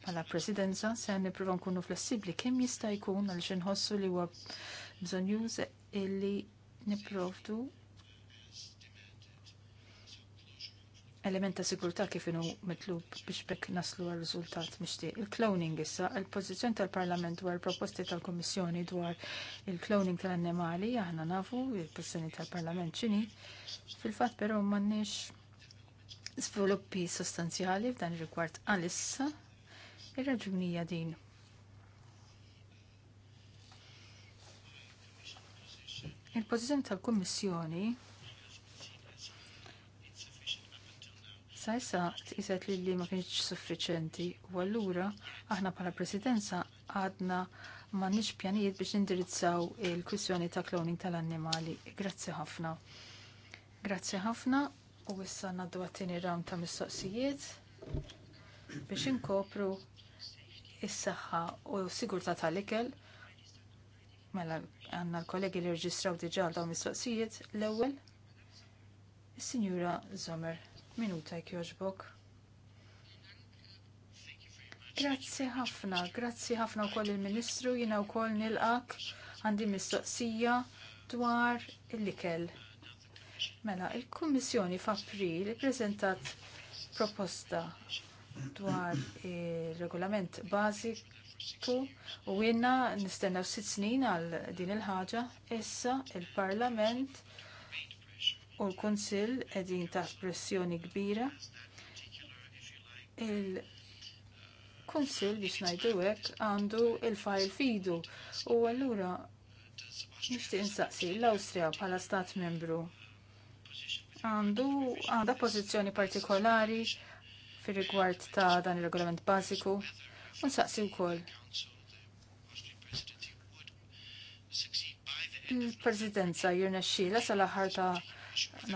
bħala Presidenza se nipprova nkunu flessibbli kemm jista' jkun għal inħossu li huwa bżonn illi nipprovdu element ta' sigurtà kif inhu mitlub biex bekk naslu għal riżultat mixtieq. Il-cloning issa, il pozizjon tal-Parlament dwar proposti tal-Kummissjoni dwar il-cloning tal-annimali aħna nafu il pozizjoni tal-Parlament x'inhi. Fil-fatt però m'għandniex sviluppi sostanzjali f'dan ir-rigward issa Ir-raġunija din. Il-pożizzjoni tal-Kummissjoni Sa issa tqiset li li ma kienx suffiċenti u allura aħna bħala presidenza għadna m'għandniex pjanijiet biex nindirizzaw il-kwissjoni ta' cloning tal-annimali. Grazzi ħafna. Grazzi ħafna u issa naddu għattini ram ta' mistoqsijiet biex inkopru is-saħħa u s-sigurtà tal-ikel mela għandna l-kollegi li rġistraw diġà dawn mistoqsijiet l-ewwel is-Sinjura Zomer. Minuta joġbok. Grazzi ħafna, grazzi ħafna u koll il-Ministru, jina u koll nil-ak għandi mistoqsija dwar il-likel. Mela, il-Kummissjoni f'April prezentat proposta dwar il-regolament bażiku u għinna nistennaw sitt snin għal din il-ħaġa. Issa il-Parlament u l-Kunsill qegħdin taħt pressjoni kbira. Il-Kunsill biex ngħidu hekk għandu il-fajl fidu u allura nixtieq insaqsi l-Awstrija bħala stat membru għandu għandha pożizzjoni partikolari fir rigward ta' dan il-regolament bażiku u nsaqsi wkoll. Il-Presidenza jirna xila sal-aħħar ta'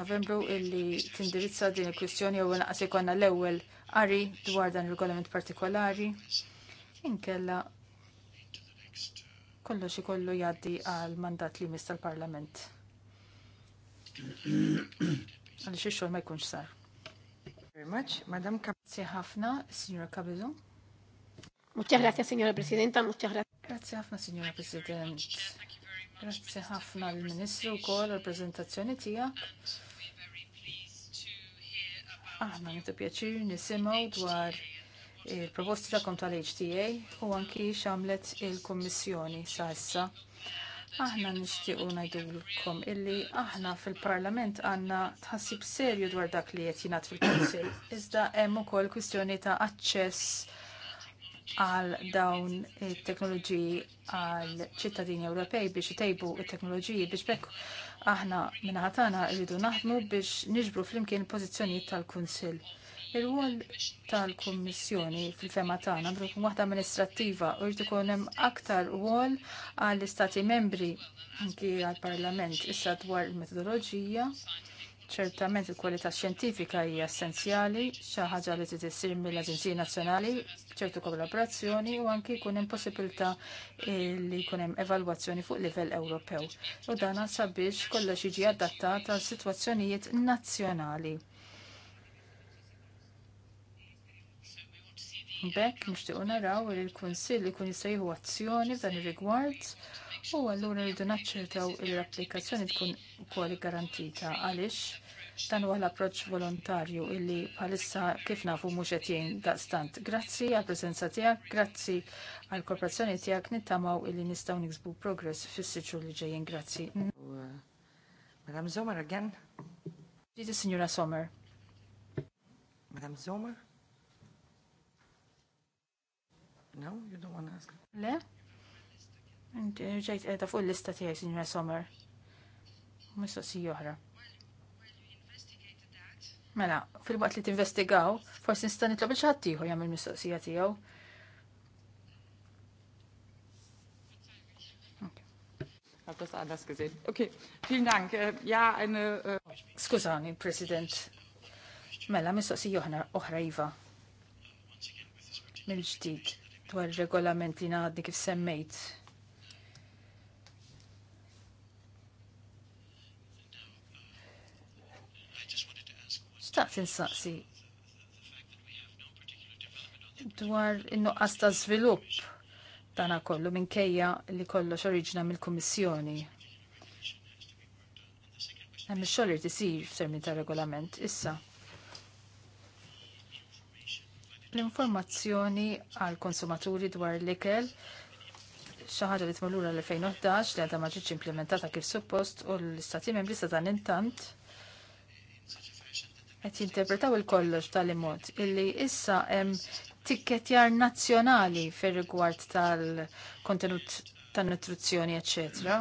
Novembru illi tindirizza din il-kwistjoni u naqas konna l-ewwel qari dwar dan ir-regolament partikolari. Inkella kollox ikollu jgħaddi għal mandat li jmiss tal-Parlament. Għaliex ix-xogħol ma jkunx sar. Very much, Madam Grazie ħafna, Signora Cabezo. Muchas gracias, Signora Presidenta, muchas gracias. Grazie ħafna, Signora President. Grazzi ħafna l-Ministru wkoll għall-preżentazzjoni tiegħek. Aħna nitu pjaċir nisimgħu dwar il-proposti tagħkom tal-HTA u anki x'għamlet il-Kummissjoni sa issa. Aħna nixtiequ ngħidulkom illi aħna fil-Parlament għandna tħassib serju dwar dak li qed jingħad fil-Kunsill. Iżda hemm ukoll kwistjoni ta' aċċess għal dawn it-teknoloġiji għal ċittadini Ewropej biex itejbu it-teknoloġiji biex bekk aħna minnaħatana rridu naħdmu biex niġbru flimkien pożizzjonijiet tal-Kunsill. Il-wol tal-Kommissjoni fil-fema tagħna għandu jkun waħda amministrattiva u jrid ikun hemm aktar wol għall istati membri anki għall-Parlament issa dwar il-metodoloġija. il metodoloġija Ċertament il-kwalità xjentifika hija essenzjali, xi ħaġa li trid issir mill-Aġenziji Nazzjonali ċertu kollaborazzjoni u anki jkun hemm possibilità li jkun hemm evalwazzjoni fuq livell Ewropew. U dan sabiex kollox jiġi adattat għal sitwazzjonijiet nazzjonali. Bekk nixtiequ naraw li l-Kunsill jkun jista' jieħu azzjoni f'dan ir-rigward u allura rridu naċċertaw li l-applikazzjoni tkun ukoll garantita għaliex dan huwa l-approċċ volontarju illi bħalissa kif nafu mhux qed jgħin daqstant. Grazzi għall preżenza tiegħek, grazzi għall korporazzjoni tiegħek nittamaw illi nistgħu niksbu progress fis-siġru li ġejjin. Grazzi. Madam Zomer again. Ġieti Signora Sommer. Madam Zomer? No, you don't want to ask. Le? Ġejt edha fuq l-lista tiegħi, Sinjora Sommer. Mistoqsija oħra. Mela, fil-waqt li tinvestigaw, forsi nista' nitlob il ħadd ieħor jagħmel mistoqsija tiegħu. Hab das anders gesehen. Okay, vielen Dank. Äh, ja, eine. Äh, Skużani, President. Mela, mistoqsija oħra oħra iva. mil ġdid dwar regolament li naħdni kif semmejt Taqt insaqsi dwar in-nuqqas ta' żvilupp tagħna kollu minkejja li kollox oriġna mill-Kummissjoni. Hemm ix-xogħol irid isir f'termin ta' regolament issa. L-informazzjoni għal konsumaturi dwar l-ikel xi ħaġa li tmur lura l-2011 li għadha ma ġietx implementata kif suppost u l-istati membri sa dan intant qed jinterpretaw il-kollox tal-imod illi issa hemm tikketjar nazzjonali fir-rigward tal-kontenut tan-nutrizzjoni, eċċetera.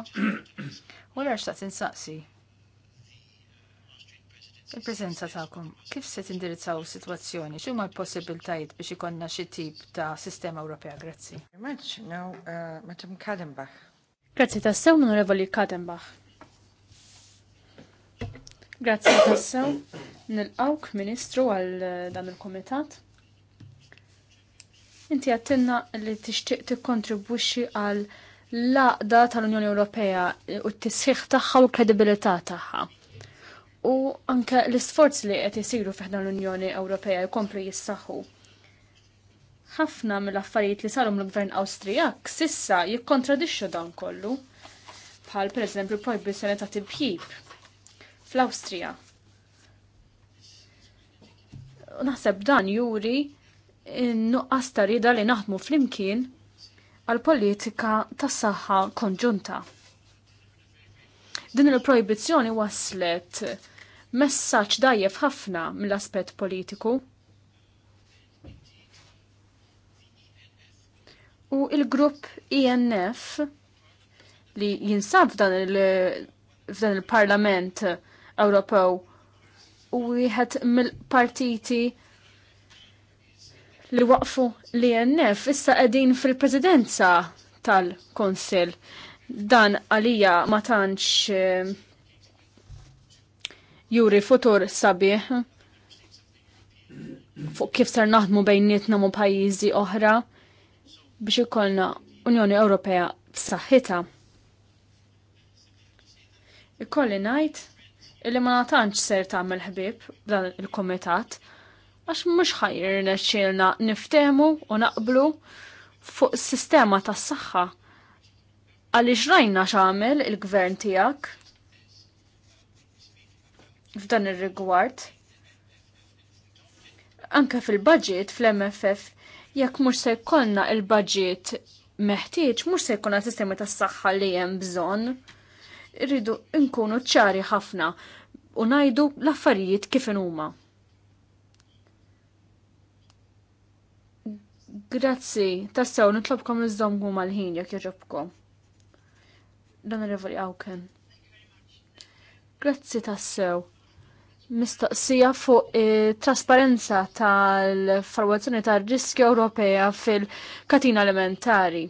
U l ta' tinsaqsi. Il-prezenza ta'kom, kif se tindirizzaw situazzjoni? X'huma l-possibiltajiet biex ikonna xi tip ta' sistema Ewropea? Grazzi. Uh, Grazzi tassew, sew, Onorevoli Kadenbach. Grazzi tassew. Nil-qawk, Ministru, għal eh, dan il-Komitat. Inti għattinna li tixtieq tikkontribwixxi għal laqda tal-Unjoni Ewropea eh, u t-tisħiħ tagħha u kredibilità tagħha. U anke l sforz li qed isiru fiħna l-Unjoni Ewropea jkompli jissaħħu ħafna mill-affarijiet li salum l-gvern Awstrijak sissa jikkontradixxu dan kollu. Bħal pereżempju prohibizzjoni ta' tibħib fl-Awstrija. naħseb dan juri nuqqas tarida li naħdmu fl-imkien għal politika tas saħħa konġunta. Din il-projbizzjoni waslet messaċ dajjef ħafna mill-aspett politiku. U il-grupp INF e li jinsab f'dan il-parlament il Ewropew u wieħed mill-partiti li waqfu li nf issa qegħdin fil-presidenza tal kunsill Dan għalija ma tantx eh, juri futur sabiħ fuq kif ser naħdmu bejnietna mu pajjiżi oħra biex ikollna Unjoni Ewropea b'saħħitha. Ikolli ngħid illi ma tantx ser tagħmel ħbieb dan il-kumitat għax mhux ħajr nexxielna niftemu u naqblu fuq is-sistema tas-saħħa għaliex rajna x'għamel il-gvern tiegħek f'dan ir-rigward. Anke fil-budget fl-MFF jekk mhux se jkollna il-budget meħtieġ mhux se jkollna sistema tas-saħħa li hemm bżonn. Irridu nkunu ċari ħafna u najdu l-affarijiet kif huma. Grazzi, tassew nitlobkom niżdommu għal ħin jekk joġobkom. Dan il-rivoli għawken. Grazzi tassew. Mistaqsija fuq eh, trasparenza tal-farwazzjoni tal-riskju Ewropea fil-katina elementari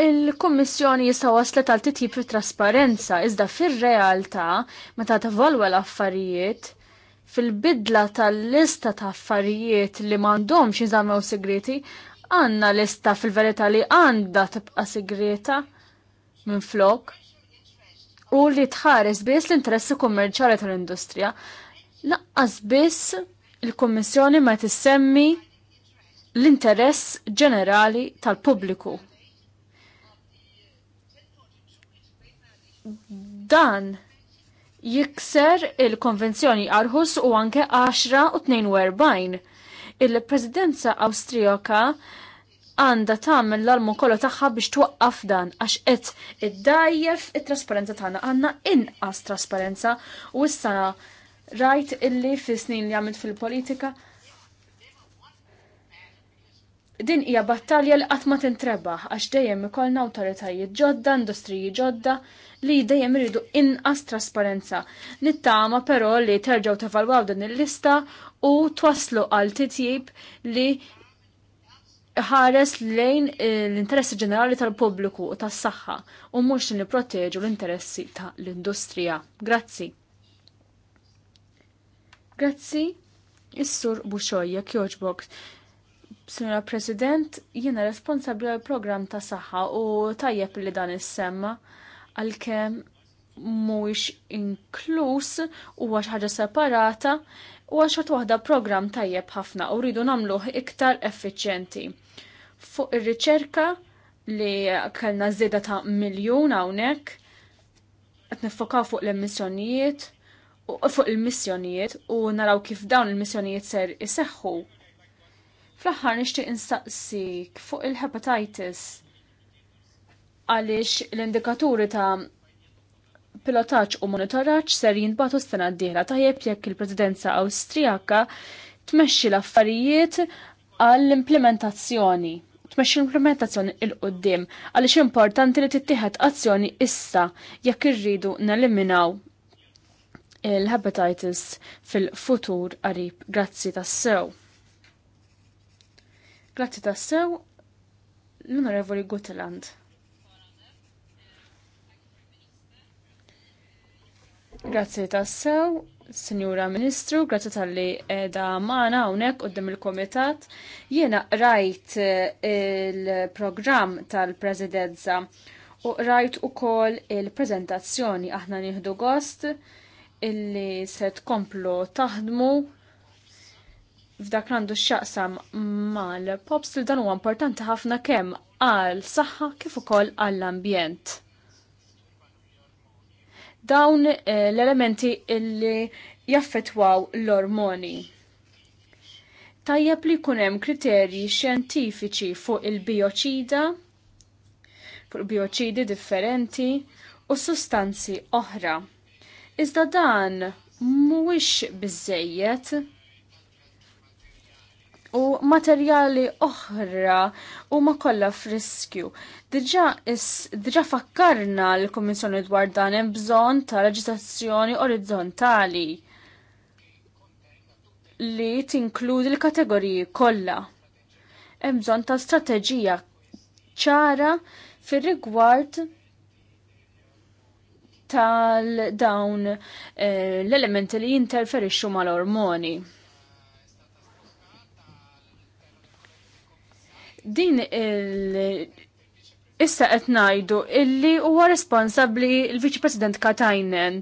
Il-Kommissjoni jista' waslet għal titjib fit trasparenza, iżda fir-realtà meta tevalwa l-affarijiet fil-bidla tal-lista ta' affarijiet li m'għandhomx jinżammew segreti, għandna lista fil-verità li għandha tibqa' segreta minn flok u li tħares biss l-interessi kummerċjali tal-industrija. Laqqas biss il-Kommissjoni ma tissemmi l-interess ġenerali tal-pubbliku Dan jikser il-konvenzjoni Arhus u anke 10 u 42. Il-Presidenza Austrijoka għanda tagħmel l-almu kollu tagħha biex twaqqaf dan għax qed id-dajjef it-trasparenza tagħna għanna inqas trasparenza u issa rajt illi fi snin li għamilt fil-politika din hija battalja li qatt ma tintrebaħ għax dejjem ikollna awtoritajiet ġodda, industriji ġodda li dejjem iridu inqas trasparenza. Nittama però li terġgħu tevalwaw din il-lista u twaslu għal titjib li ħares lejn eh, l-interessi ġenerali tal-pubbliku u tas-saħħa u mhux li nipproteġu l-interessi tal-industrija. Grazzi. Grazzi, is-sur Buxoja, Kjoġbok. Sinjora President, jiena responsabbli għal program ta' saħħa u tajjeb li dan is-semma għalkemm mhuwiex inkluż huwa xi ħaġa separata u għax xort waħda program tajjeb ħafna u rridu nagħmluh iktar effiċjenti. Fuq ir-riċerka li kellna żieda ta' miljun hawnhekk qed nifokaw fuq l-emissjonijiet u fuq il-missjonijiet u naraw kif dawn il-missjonijiet ser iseħħu Fl-aħħar nixtieq instaqsik fuq il-hepatitis għaliex l-indikaturi ta' pilotaġġ u monitoraġġ ser jinbatu s-sena d-dieħla tajjeb jekk il-Presidenza Awstrijaka tmexxi l-affarijiet għall-implementazzjoni tmexxi l-implementazzjoni il qoddim għaliex importanti li tittieħed azzjoni issa jekk irridu neliminaw il-hepatitis fil-futur qarib. Grazzi tassew. Grazzi tassew, l-Onorevoli Gutland. Grazzi tassew, Signora Ministru, grazzi tal-li edha eh, maħna unek u il-komitat. Jena rajt eh, il-program tal presidenza u rajt u kol il-prezentazzjoni aħna nieħdu gost illi se tkomplu taħdmu f'dak għandu x'aqsam mal pops li dan huwa importanti ħafna kemm għal saħħa kif ukoll għall-ambjent. Dawn eh, l-elementi illi jaffetwaw l-ormoni. Tajjeb li jkun hemm kriterji xjentifiċi fuq il-bioċida, fuq bioċidi differenti u sustanzi oħra. Iżda dan mhuwiex biżejjed u materjali oħra huma kollha friskju. Diġà diġa fakkarna l-Kummissjoni dwar dan hemm bżonn ta' leġislazzjoni orizzontali li tinkludi l-kategoriji kollha. Hemm bżonn ta' strateġija ċara fir-rigward tal-dawn eh, l-elementi li jinterferixxu mal-ormoni Din il- Issa qed ngħidu illi huwa responsabbli l-Viċi President Katajnen.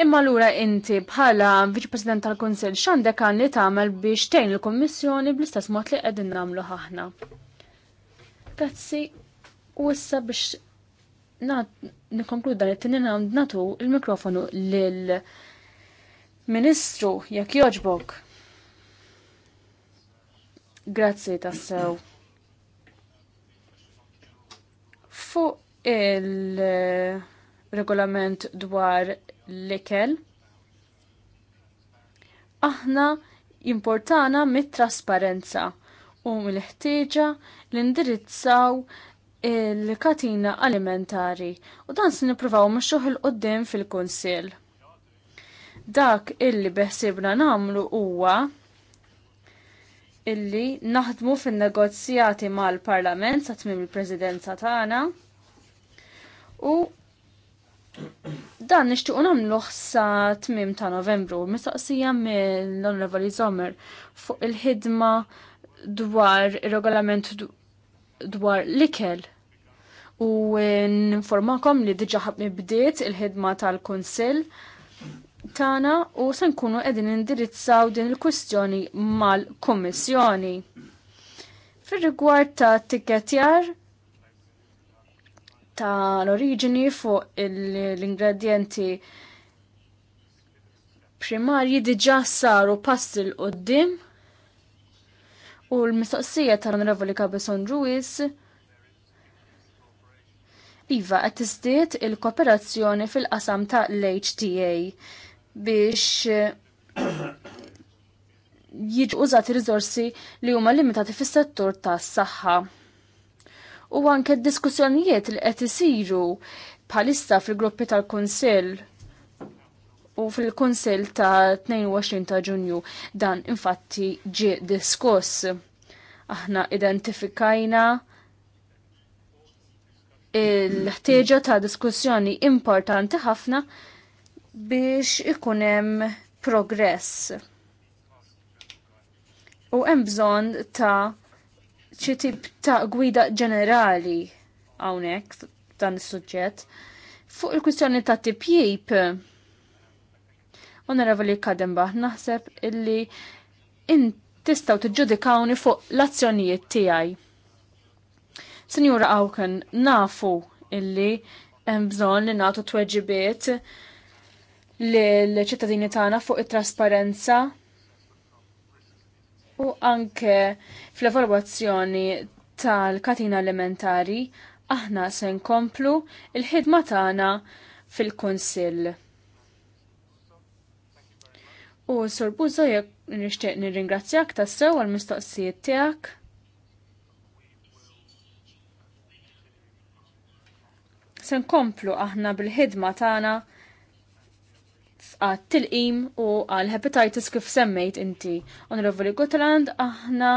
Imma lura inti bħala Viċi President tal-Kunsill x'għandek għan li tagħmel biex tgħin il-Kummissjoni bl-istess mod li qegħdin nagħmlu aħna. Grazzi, u issa biex nikkonkluda li tinnin natu il-mikrofonu lil Ministru jekk jogħġbok. Grazzi tassew. Fuq il-regolament dwar l-ikel, aħna importana mit-trasparenza u mill-ħtieġa l-indirizzaw il-katina alimentari u dan se nippruvaw mxuħ il-qoddim fil-Kunsill. Dak illi beħsibna namlu huwa illi naħdmu fin-negozjati mal-Parlament sa tmim il-Presidenza tagħna u dan nixtiequ nagħmluh sa tmim ta' Novembru. Mistaqsija mill-Onorevoli Zomer fuq il-ħidma dwar ir-regolament dwar l-ikel u informakom li diġa ħabni bdiet il-ħidma tal kunsill tana u se nkunu qegħdin indirizzaw din il-kwistjoni mal-Kummissjoni. Fir-rigward ta' tikketjar ta' l-oriġini fuq l-ingredienti primarji diġà saru pass il qoddim u l-mistoqsija ta' Onorevoli Cabezon Ruiz Iva qed il-kooperazzjoni fil-qasam ta' l-HTA biex eh, jiġu użati rizorsi li huma limitati fis-settur tas-saħħa. U anke d-diskussjonijiet li qed isiru bħalissa fil-gruppi tal-Kunsill u fil-Kunsill ta' 22 ta' Ġunju dan infatti ġie diskuss. Aħna identifikajna il-ħtieġa ta' diskussjoni importanti ħafna biex ikun hemm progress. U hemm bżonn ta' xi tip ta' gwida ġenerali hawnhekk dan is-suġġett. Fuq il-kwistjoni ta' tipjib, Onorevoli Kademba naħseb illi in tistaw tiġġudikawni fuq l-azzjonijiet tiegħi. Sinjura Awken, nafu illi hemm bżonn li nagħtu tweġibiet l-ċittadini tagħna fuq it-trasparenza u anke fl-evalwazzjoni tal-katina elementari aħna se nkomplu il-ħidma tagħna fil-Kunsill. U Sur Buzo jekk nixtieq nirringrazzjak tassew għall-mistoqsijiet tiegħek. Se nkomplu aħna bil-ħidma tagħna għat-tilqim u għal hepatitis kif semmejt inti. Onorevoli Gotland, aħna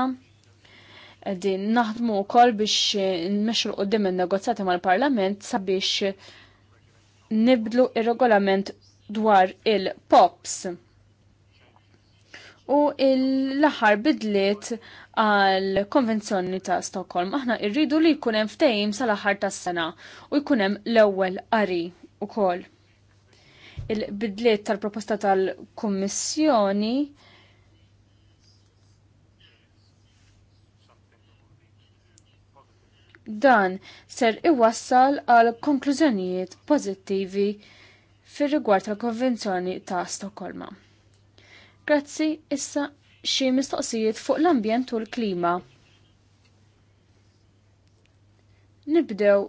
din naħdmu wkoll biex nmexxu qudiem in-negozjati mal-Parlament sabiex nibdlu il regolament dwar il-POPs. U l-aħħar bidliet għal konvenzjoni ta' Stockholm. Aħna irridu li jkun hemm ftehim sal-aħħar tas-sena u jkun hemm l-ewwel qari kol il-bidliet tal-proposta tal-Kommissjoni dan ser iwassal għal konklużjonijiet pożittivi fir rigward tal-Konvenzjoni ta' Stokolma. Grazzi issa xi mistoqsijiet fuq l-ambjent u l-klima. Nibdew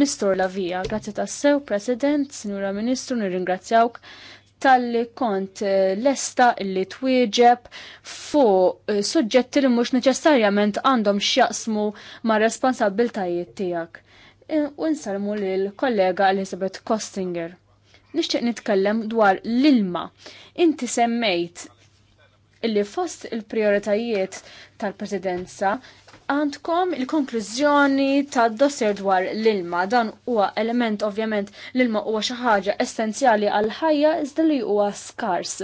Mistur Lavija, grazzi tassew, President, Sinjura Ministru, nirringrazzjawk tal-li kont eh, lesta li twieġeb fuq eh, suġġetti li mhux neċessarjament għandhom x'jaqsmu ma' responsabiltajiet tiegħek. Eh, u nsalmu l kollega Elizabeth Kostinger. Nixtieq nitkellem dwar l-ilma. Inti semmejt illi fost il-prioritajiet tal-presidenza għandkom il-konklużjoni ta' dossier dwar l-ilma. Dan huwa element ovvjament l-ilma huwa xi ħaġa essenzjali għal ħajja iżda li huwa skars,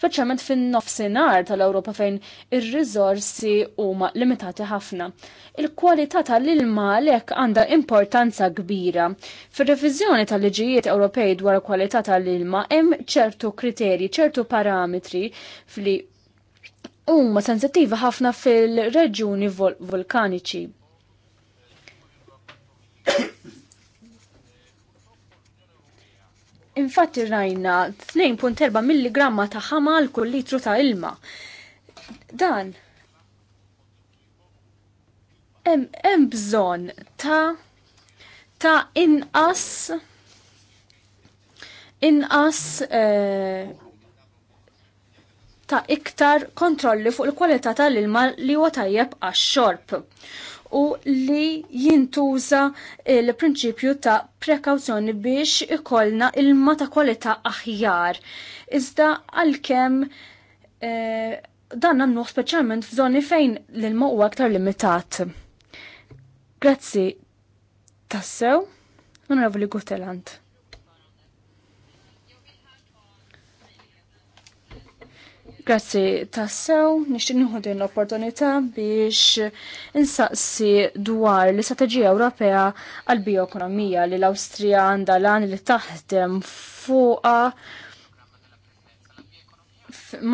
speċjalment fin-nofsinhar tal-Ewropa fejn ir-riżorsi huma limitati ħafna. Il-kwalità tal-ilma għalhekk għandha importanza kbira. Fir-reviżjoni tal-liġijiet Ewropej dwar kwalità tal-ilma hemm ċertu kriterji, ċertu parametri fli huma sensittiva ħafna fil-reġjuni vol vulkaniċi. Infatti rajna 2.4 milligramma ta' ħamal kull litru ta' ilma. Dan hemm bżonn ta' ta' inqas inqas eh, ta' iktar kontrolli fuq il-kwalità tal-ilma li huwa tajjeb għax-xorb u li jintuża il-prinċipju ta' prekawzjoni biex ikollna ilma ta' kwalità aħjar. Iżda għalkemm eh, dan għannu speċjalment f'żoni fejn l-ilma huwa aktar limitat. Grazzi tassew, Onorevoli Gutelant. Grazzi tassew, nixtieq nieħu din l-opportunità biex insaqsi dwar l-Istrateġija Ewropea għall bioekonomija li l-Awstrija għandha lan li taħdem fuqha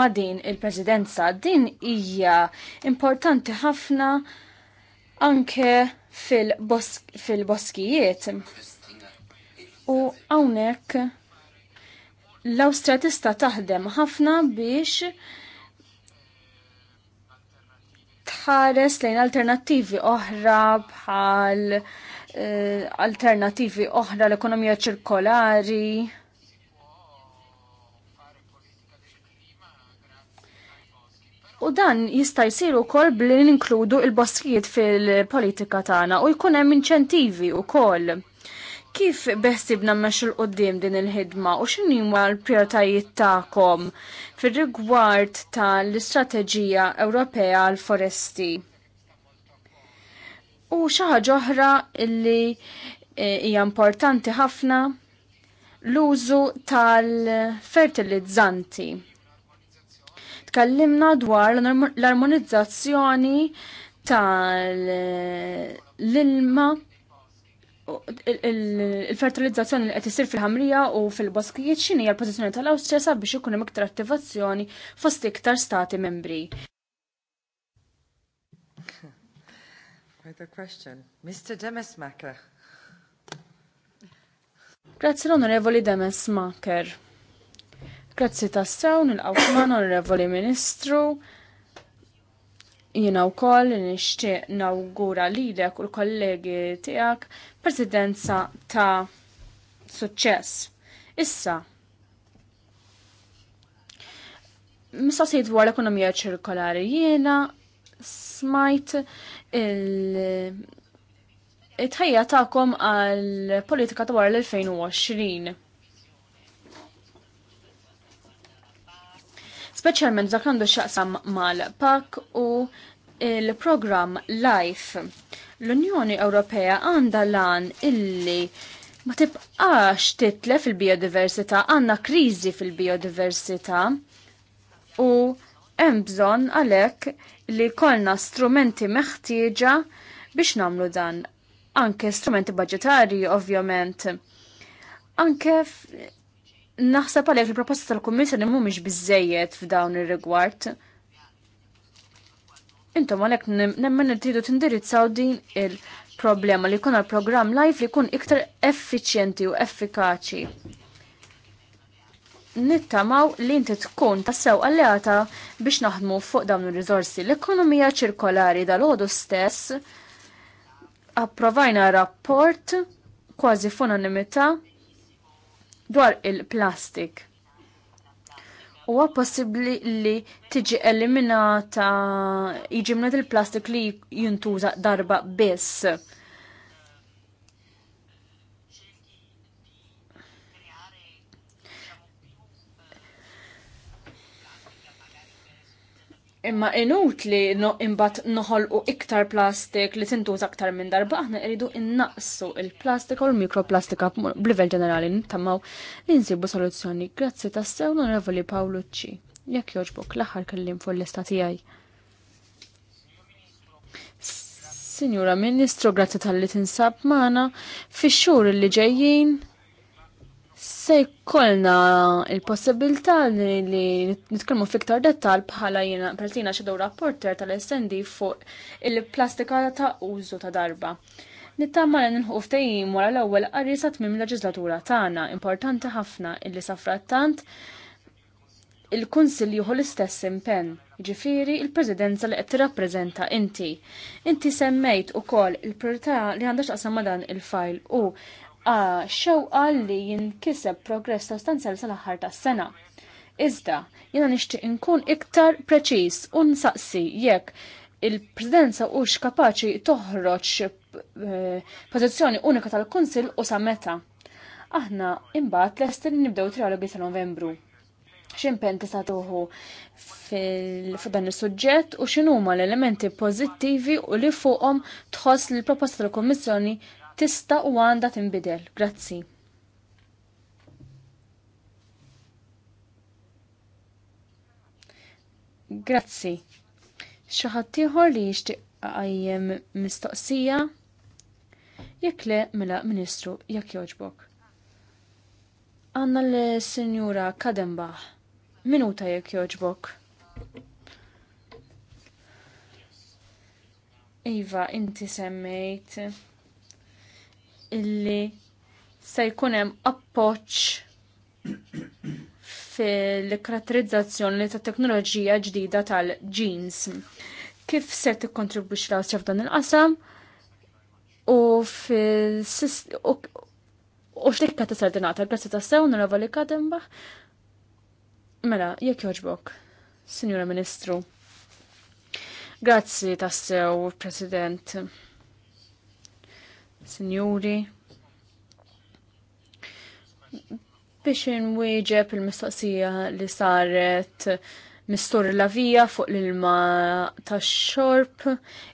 ma' din il-Presidenza. Din hija importanti ħafna anke fil-boskijiet. Fil u hawnhekk l-Awstra tista' taħdem ħafna biex tħares lejn alternattivi oħra bħal e, alternattivi oħra l-ekonomija ċirkolari. U dan jista' jsir ukoll bli ninkludu il-boskijiet fil-politika tagħna u jkun hemm inċentivi wkoll Kif bestib meċu l-qoddim din il-ħidma u x'inhi l-prijoritajiet tagħkom fir-rigward tal-Istrateġija Ewropea għall foresti U xi ħaġa oħra li eh, hija importanti ħafna l-użu tal-fertilizzanti. Tkellimna dwar l-armonizzazzjoni tal-ilma il-fertilizzazzjoni li qed isir fil-ħamrija u fil-boskijiet x'inhi l-pożizzjoni tal-Awstrija sabiex ikun hemm iktar attivazzjoni fost iktar stati membri. Quite a question. Mr. Demesmaker. Grazzi l-Onorevoli Demesmaker. Grazzi tassew il-Awkman Onorevoli Ministru Jiena wkoll nixtieq nawgura lilek u l-kollegi tiegħek presidenza ta' suċċess. Issa, sejt dwar l-ekonomija ċirkolari jiena smajt il- tħajja ta'kom tagħkom għal politika dwar l-2020. speċjalment dak għandu x'aqsam mal-PAK u il-programm LIFE. L-Unjoni Ewropea għandha lan illi ma tibqax title fil biodiversità għandna kriżi fil-biodiversità u hemm bżonn għalhekk li kolna strumenti meħtieġa biex nagħmlu dan. Anke strumenti budgetari, ovvjament. Anke Naħseb għalhekk il-proposta tal-Kummissjoni mhumiex biżejjed f'dawn ir-rigward. Intom għalhekk nemmen li tridu tindirizzaw din il-problema li jkun għall-programm live li jkun iktar effiċjenti u effikaċi. Nittamaw li inti tkun tassew alleata biex naħdmu fuq dawn ir-riżorsi. L-ekonomija ċirkolari dal ħodu stess approvajna rapport kważi f'unanimità dwar il-plastik. Huwa possibbli li tiġi eliminata jiġi il-plastik li jintuża darba biss Imma inut li imbat noħol u iktar plastik li tintuż aktar minn darba, aħna iridu innaqsu il-plastik u l-mikroplastika b'livell ġenerali nittamaw li nsibu soluzzjoni. Grazzi tassew l-onorevoli Pawlucci. Jekk joġbok l-aħħar kellim fuq l-lista tiegħi. Sinjura Ministru, grazzi tal-li tinsab maħna fi xur li ġejjin se jkollna il-possibilità li nitkellmu fiktar dettal bħala jiena partina xedow rapporter tal-SND fuq il-plastika ta' użu ta' darba. Nittama li nħu ftejim wara l-ewwel qari sa tmim leġislatura tagħna importanti ħafna illi safrattant il-Kunsill jieħu l-istess impenn, jiġifieri il-Presidenza li qed tirrappreżenta inti. Inti semmejt ukoll il-priorità li għandha x'qasam dan il-fajl u xewqa li jinkiseb progress sostanzjali sal-aħħar tas-sena. Iżda, jiena nixtieq inkun iktar preċiż u nsaqsi jekk il-Presidenza hux kapaċi toħroġ eh, pożizzjoni unika tal kunsil u sa meta. Aħna imbagħad lest nibdew trialogi ta' Novembru. X'impenn tista' toħu dan is-suġġett u x'inhuma l-elementi pożittivi u li fuqhom tħoss li l-proposta tal-Kummissjoni tista' u għandha tinbidel. Grazzi. Grazzi. Xi ħadd ieħor li jixtieq qajjem mistoqsija? Jekk le mela Ministru jekk jogħġbok. Għanna l-Sinjura Kadembaħ. Minuta jekk jogħġbok. Iva, inti semmejt illi se jkun hemm appoġġ fil-karatterizzazzjoni ta' teknoloġija ġdida tal jeans Kif se tikkontribwix l-għasja dan il-qasam u u x'dikka ta' sardinata, grazzi ta' sew, nirravali kadembaħ. Mela, jekk joġbok, Sinjura Ministru. Grazzi tassew, sew, President. Sinjuri, biex nwieġeb il-mistoqsija li saret mistur la via fuq l-ilma tax xorb,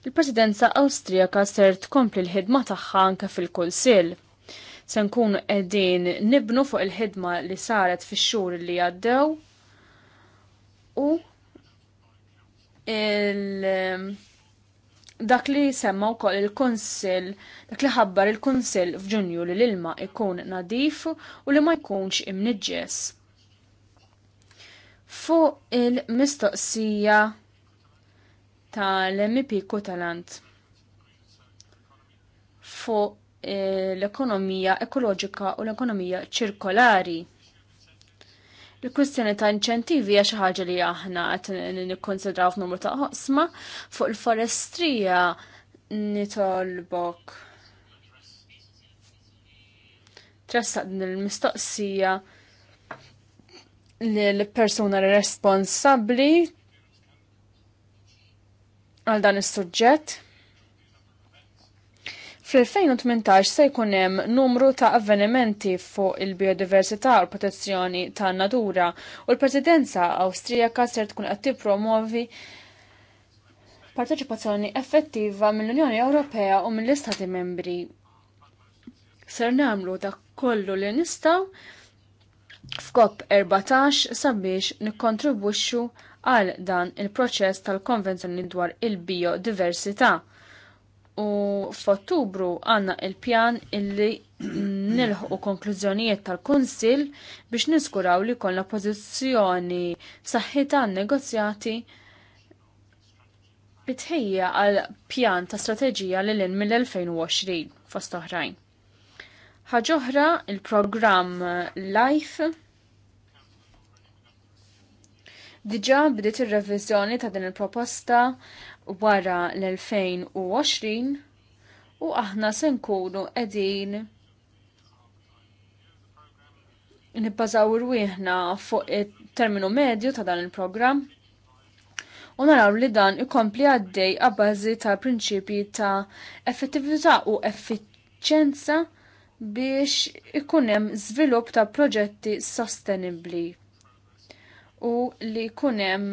il-Presidenza Awstrijaka ser tkompli l-ħidma tagħha anke fil-Kunsill. Se nkunu qegħdin nibnu fuq il-ħidma li saret fix-xhur li għaddew u il- dak li semma wkoll il-Kunsill, dak li ħabbar il-Kunsill f'Ġunju li l-ilma ikun nadif u li ma jkunx imniġġes. Fuq il-mistoqsija tal-MP Kutalant fuq eh, l-ekonomija ekoloġika u l-ekonomija ċirkolari. Il-kwistjoni ta' inċentivi għax ħaġa li aħna qed nikkonsidraw f'numru ta' ħosma fuq il-forestrija nitolbok. Tressaq din il-mistoqsija li l-persuna responsabbli għal dan is-suġġett. Fl-2018 se jkun hemm numru ta' avvenimenti fuq il-biodiversità u l-protezzjoni ta' natura u l-Presidenza Awstrijaka ser tkun qed tippromovi parteċipazzjoni effettiva mill-Unjoni Ewropea u mill-Istati Membri. Ser nagħmlu dak kollu li nistgħu f'COP 14 sabiex nikkontribwixxu għal dan il-proċess tal-Konvenzjoni dwar il-biodiversità. U f'Ottubru għanna il-pjan illi nilħu konklużjonijiet tal-Kunsil biex niskuraw li kollha pożizzjoni saħħita negozjati bitħija għal pjan ta' strateġija li l mill-2020 fost oħrajn. Ħaġoħra il-programm LIFE Diġa bdiet ir-reviżjoni ta' din il-proposta wara l-2020 u aħna se nkunu qegħdin nibbażaw irwieħna fuq it-terminu medju ta' dan il-programm u naraw li dan ikompli għaddej għabbażi ta' prinċipji ta' effettività u effiċenza biex ikunem zvilup ta' proġetti sostenibli u li kunem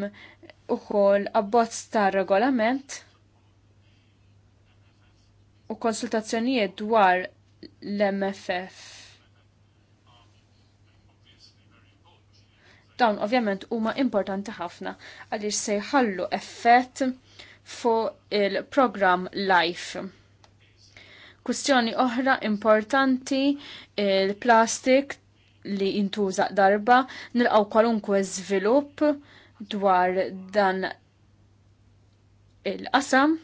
ukoll abbozz ta' regolament u konsultazzjonijiet dwar l-MFF. Dawn ovvjament huma importanti ħafna għaliex se jħallu effett fuq il-programm Life. Kwistjoni oħra importanti il-plastik li jintuża darba, nilqaw kwalunkwe żvilupp dwar dan il-qasam.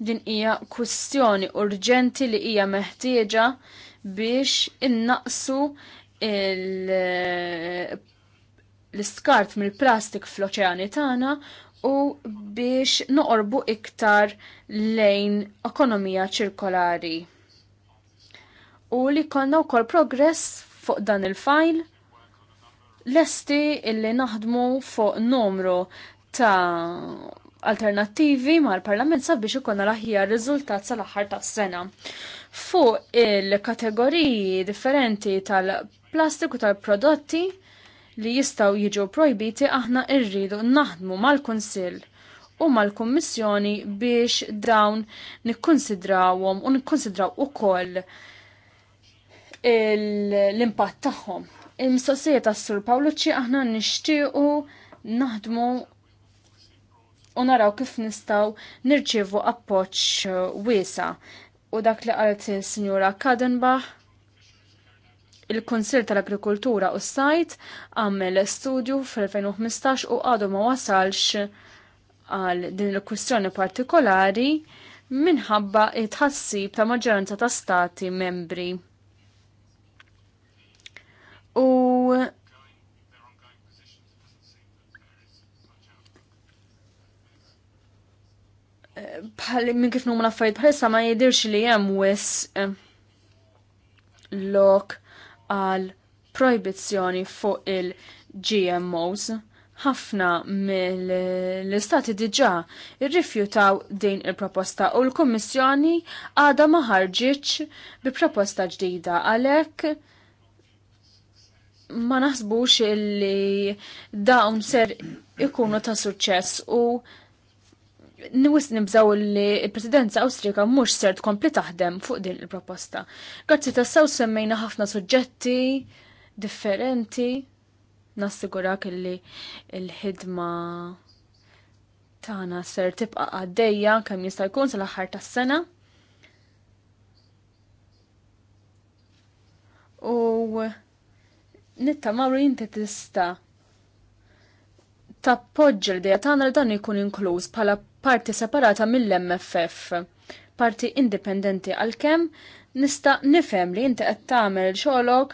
Din hija kwistjoni urġenti li hija meħtieġa biex innaqsu l-iskart mill-plastik fl-oċeani tagħna u biex noqorbu iktar lejn ekonomija ċirkolari. U li konna wkoll progress fuq dan il file lesti illi naħdmu fuq numru ta' alternattivi mal-Parlament sabiex ikonna l-aħjar riżultat sal-aħħar tas-sena. Fuq il-kategoriji differenti tal-plastiku tal-prodotti li jistaw jiġu projbiti aħna irridu naħdmu mal-Kunsill u mal-Kummissjoni biex dawn nikkonsidrawhom u nikkonsidraw ukoll l-impatt tagħhom. Il-mistoqsija tas Sur Pawlucci aħna nixtiequ naħdmu u naraw kif nistgħu nirċievu appoġġ wiesa. U dak li qalet il-Sinjura Kadenbach il-Konsil tal-Agrikultura u s-Sajt għamel studju fil-2015 u għadu ma wasalx għal din il-kwistjoni partikolari minħabba it-ħassib ta' maġġoranza ta' stati membri. U Pali, minn kif numma affarijiet bħalissa ma jidirx li hemm wis eh, lok għal proibizzjoni fuq il-GMOs. Ħafna mill-istati diġà irrifjutaw din il-proposta u l-Kummissjoni għadha ma ħarġitx bi proposta ġdida għalhekk ma naħsbux li dawn ser ikunu ta' suċċess u Niwis nibżaw li il-presidenza Awstrika mhux ser tkompli taħdem fuq din il-proposta. Grazzi saw semmejna ħafna suġġetti differenti. Nassigurak li il-ħidma tagħna ser tibqa' għaddejja kemm jista' jkun sal-aħħar tas-sena. U Nitta' li inti tista' tappoġġa l-idea tagħna li dan ikun inkluż bħala parti separata mill-MFF, parti indipendenti kem, nista' nifhem li inti qed tagħmel xogħolok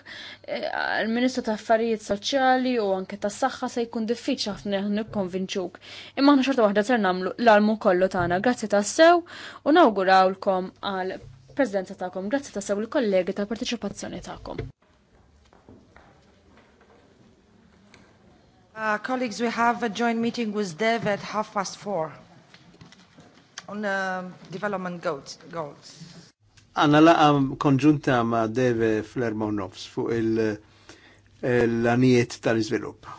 il-Ministru eh, ta' Affarijiet Soċjali u anke tas-saħħa se jkun diffiċli ħafna nikkonvinċuk. Imma aħna xorta waħda ser nagħmlu l-almu kollu tagħna. Grazzi tassew u l-kom għal preżenza tagħkom. Grazzi tas-sew il-kollegi tal-parteċipazzjoni tagħkom. Uh, colleagues, we have a joint meeting with Dev at half past four on uh, development goals. goals. Għanna laqa konġunta ma' Deve Flermonovs fuq il-anijiet tal izvilup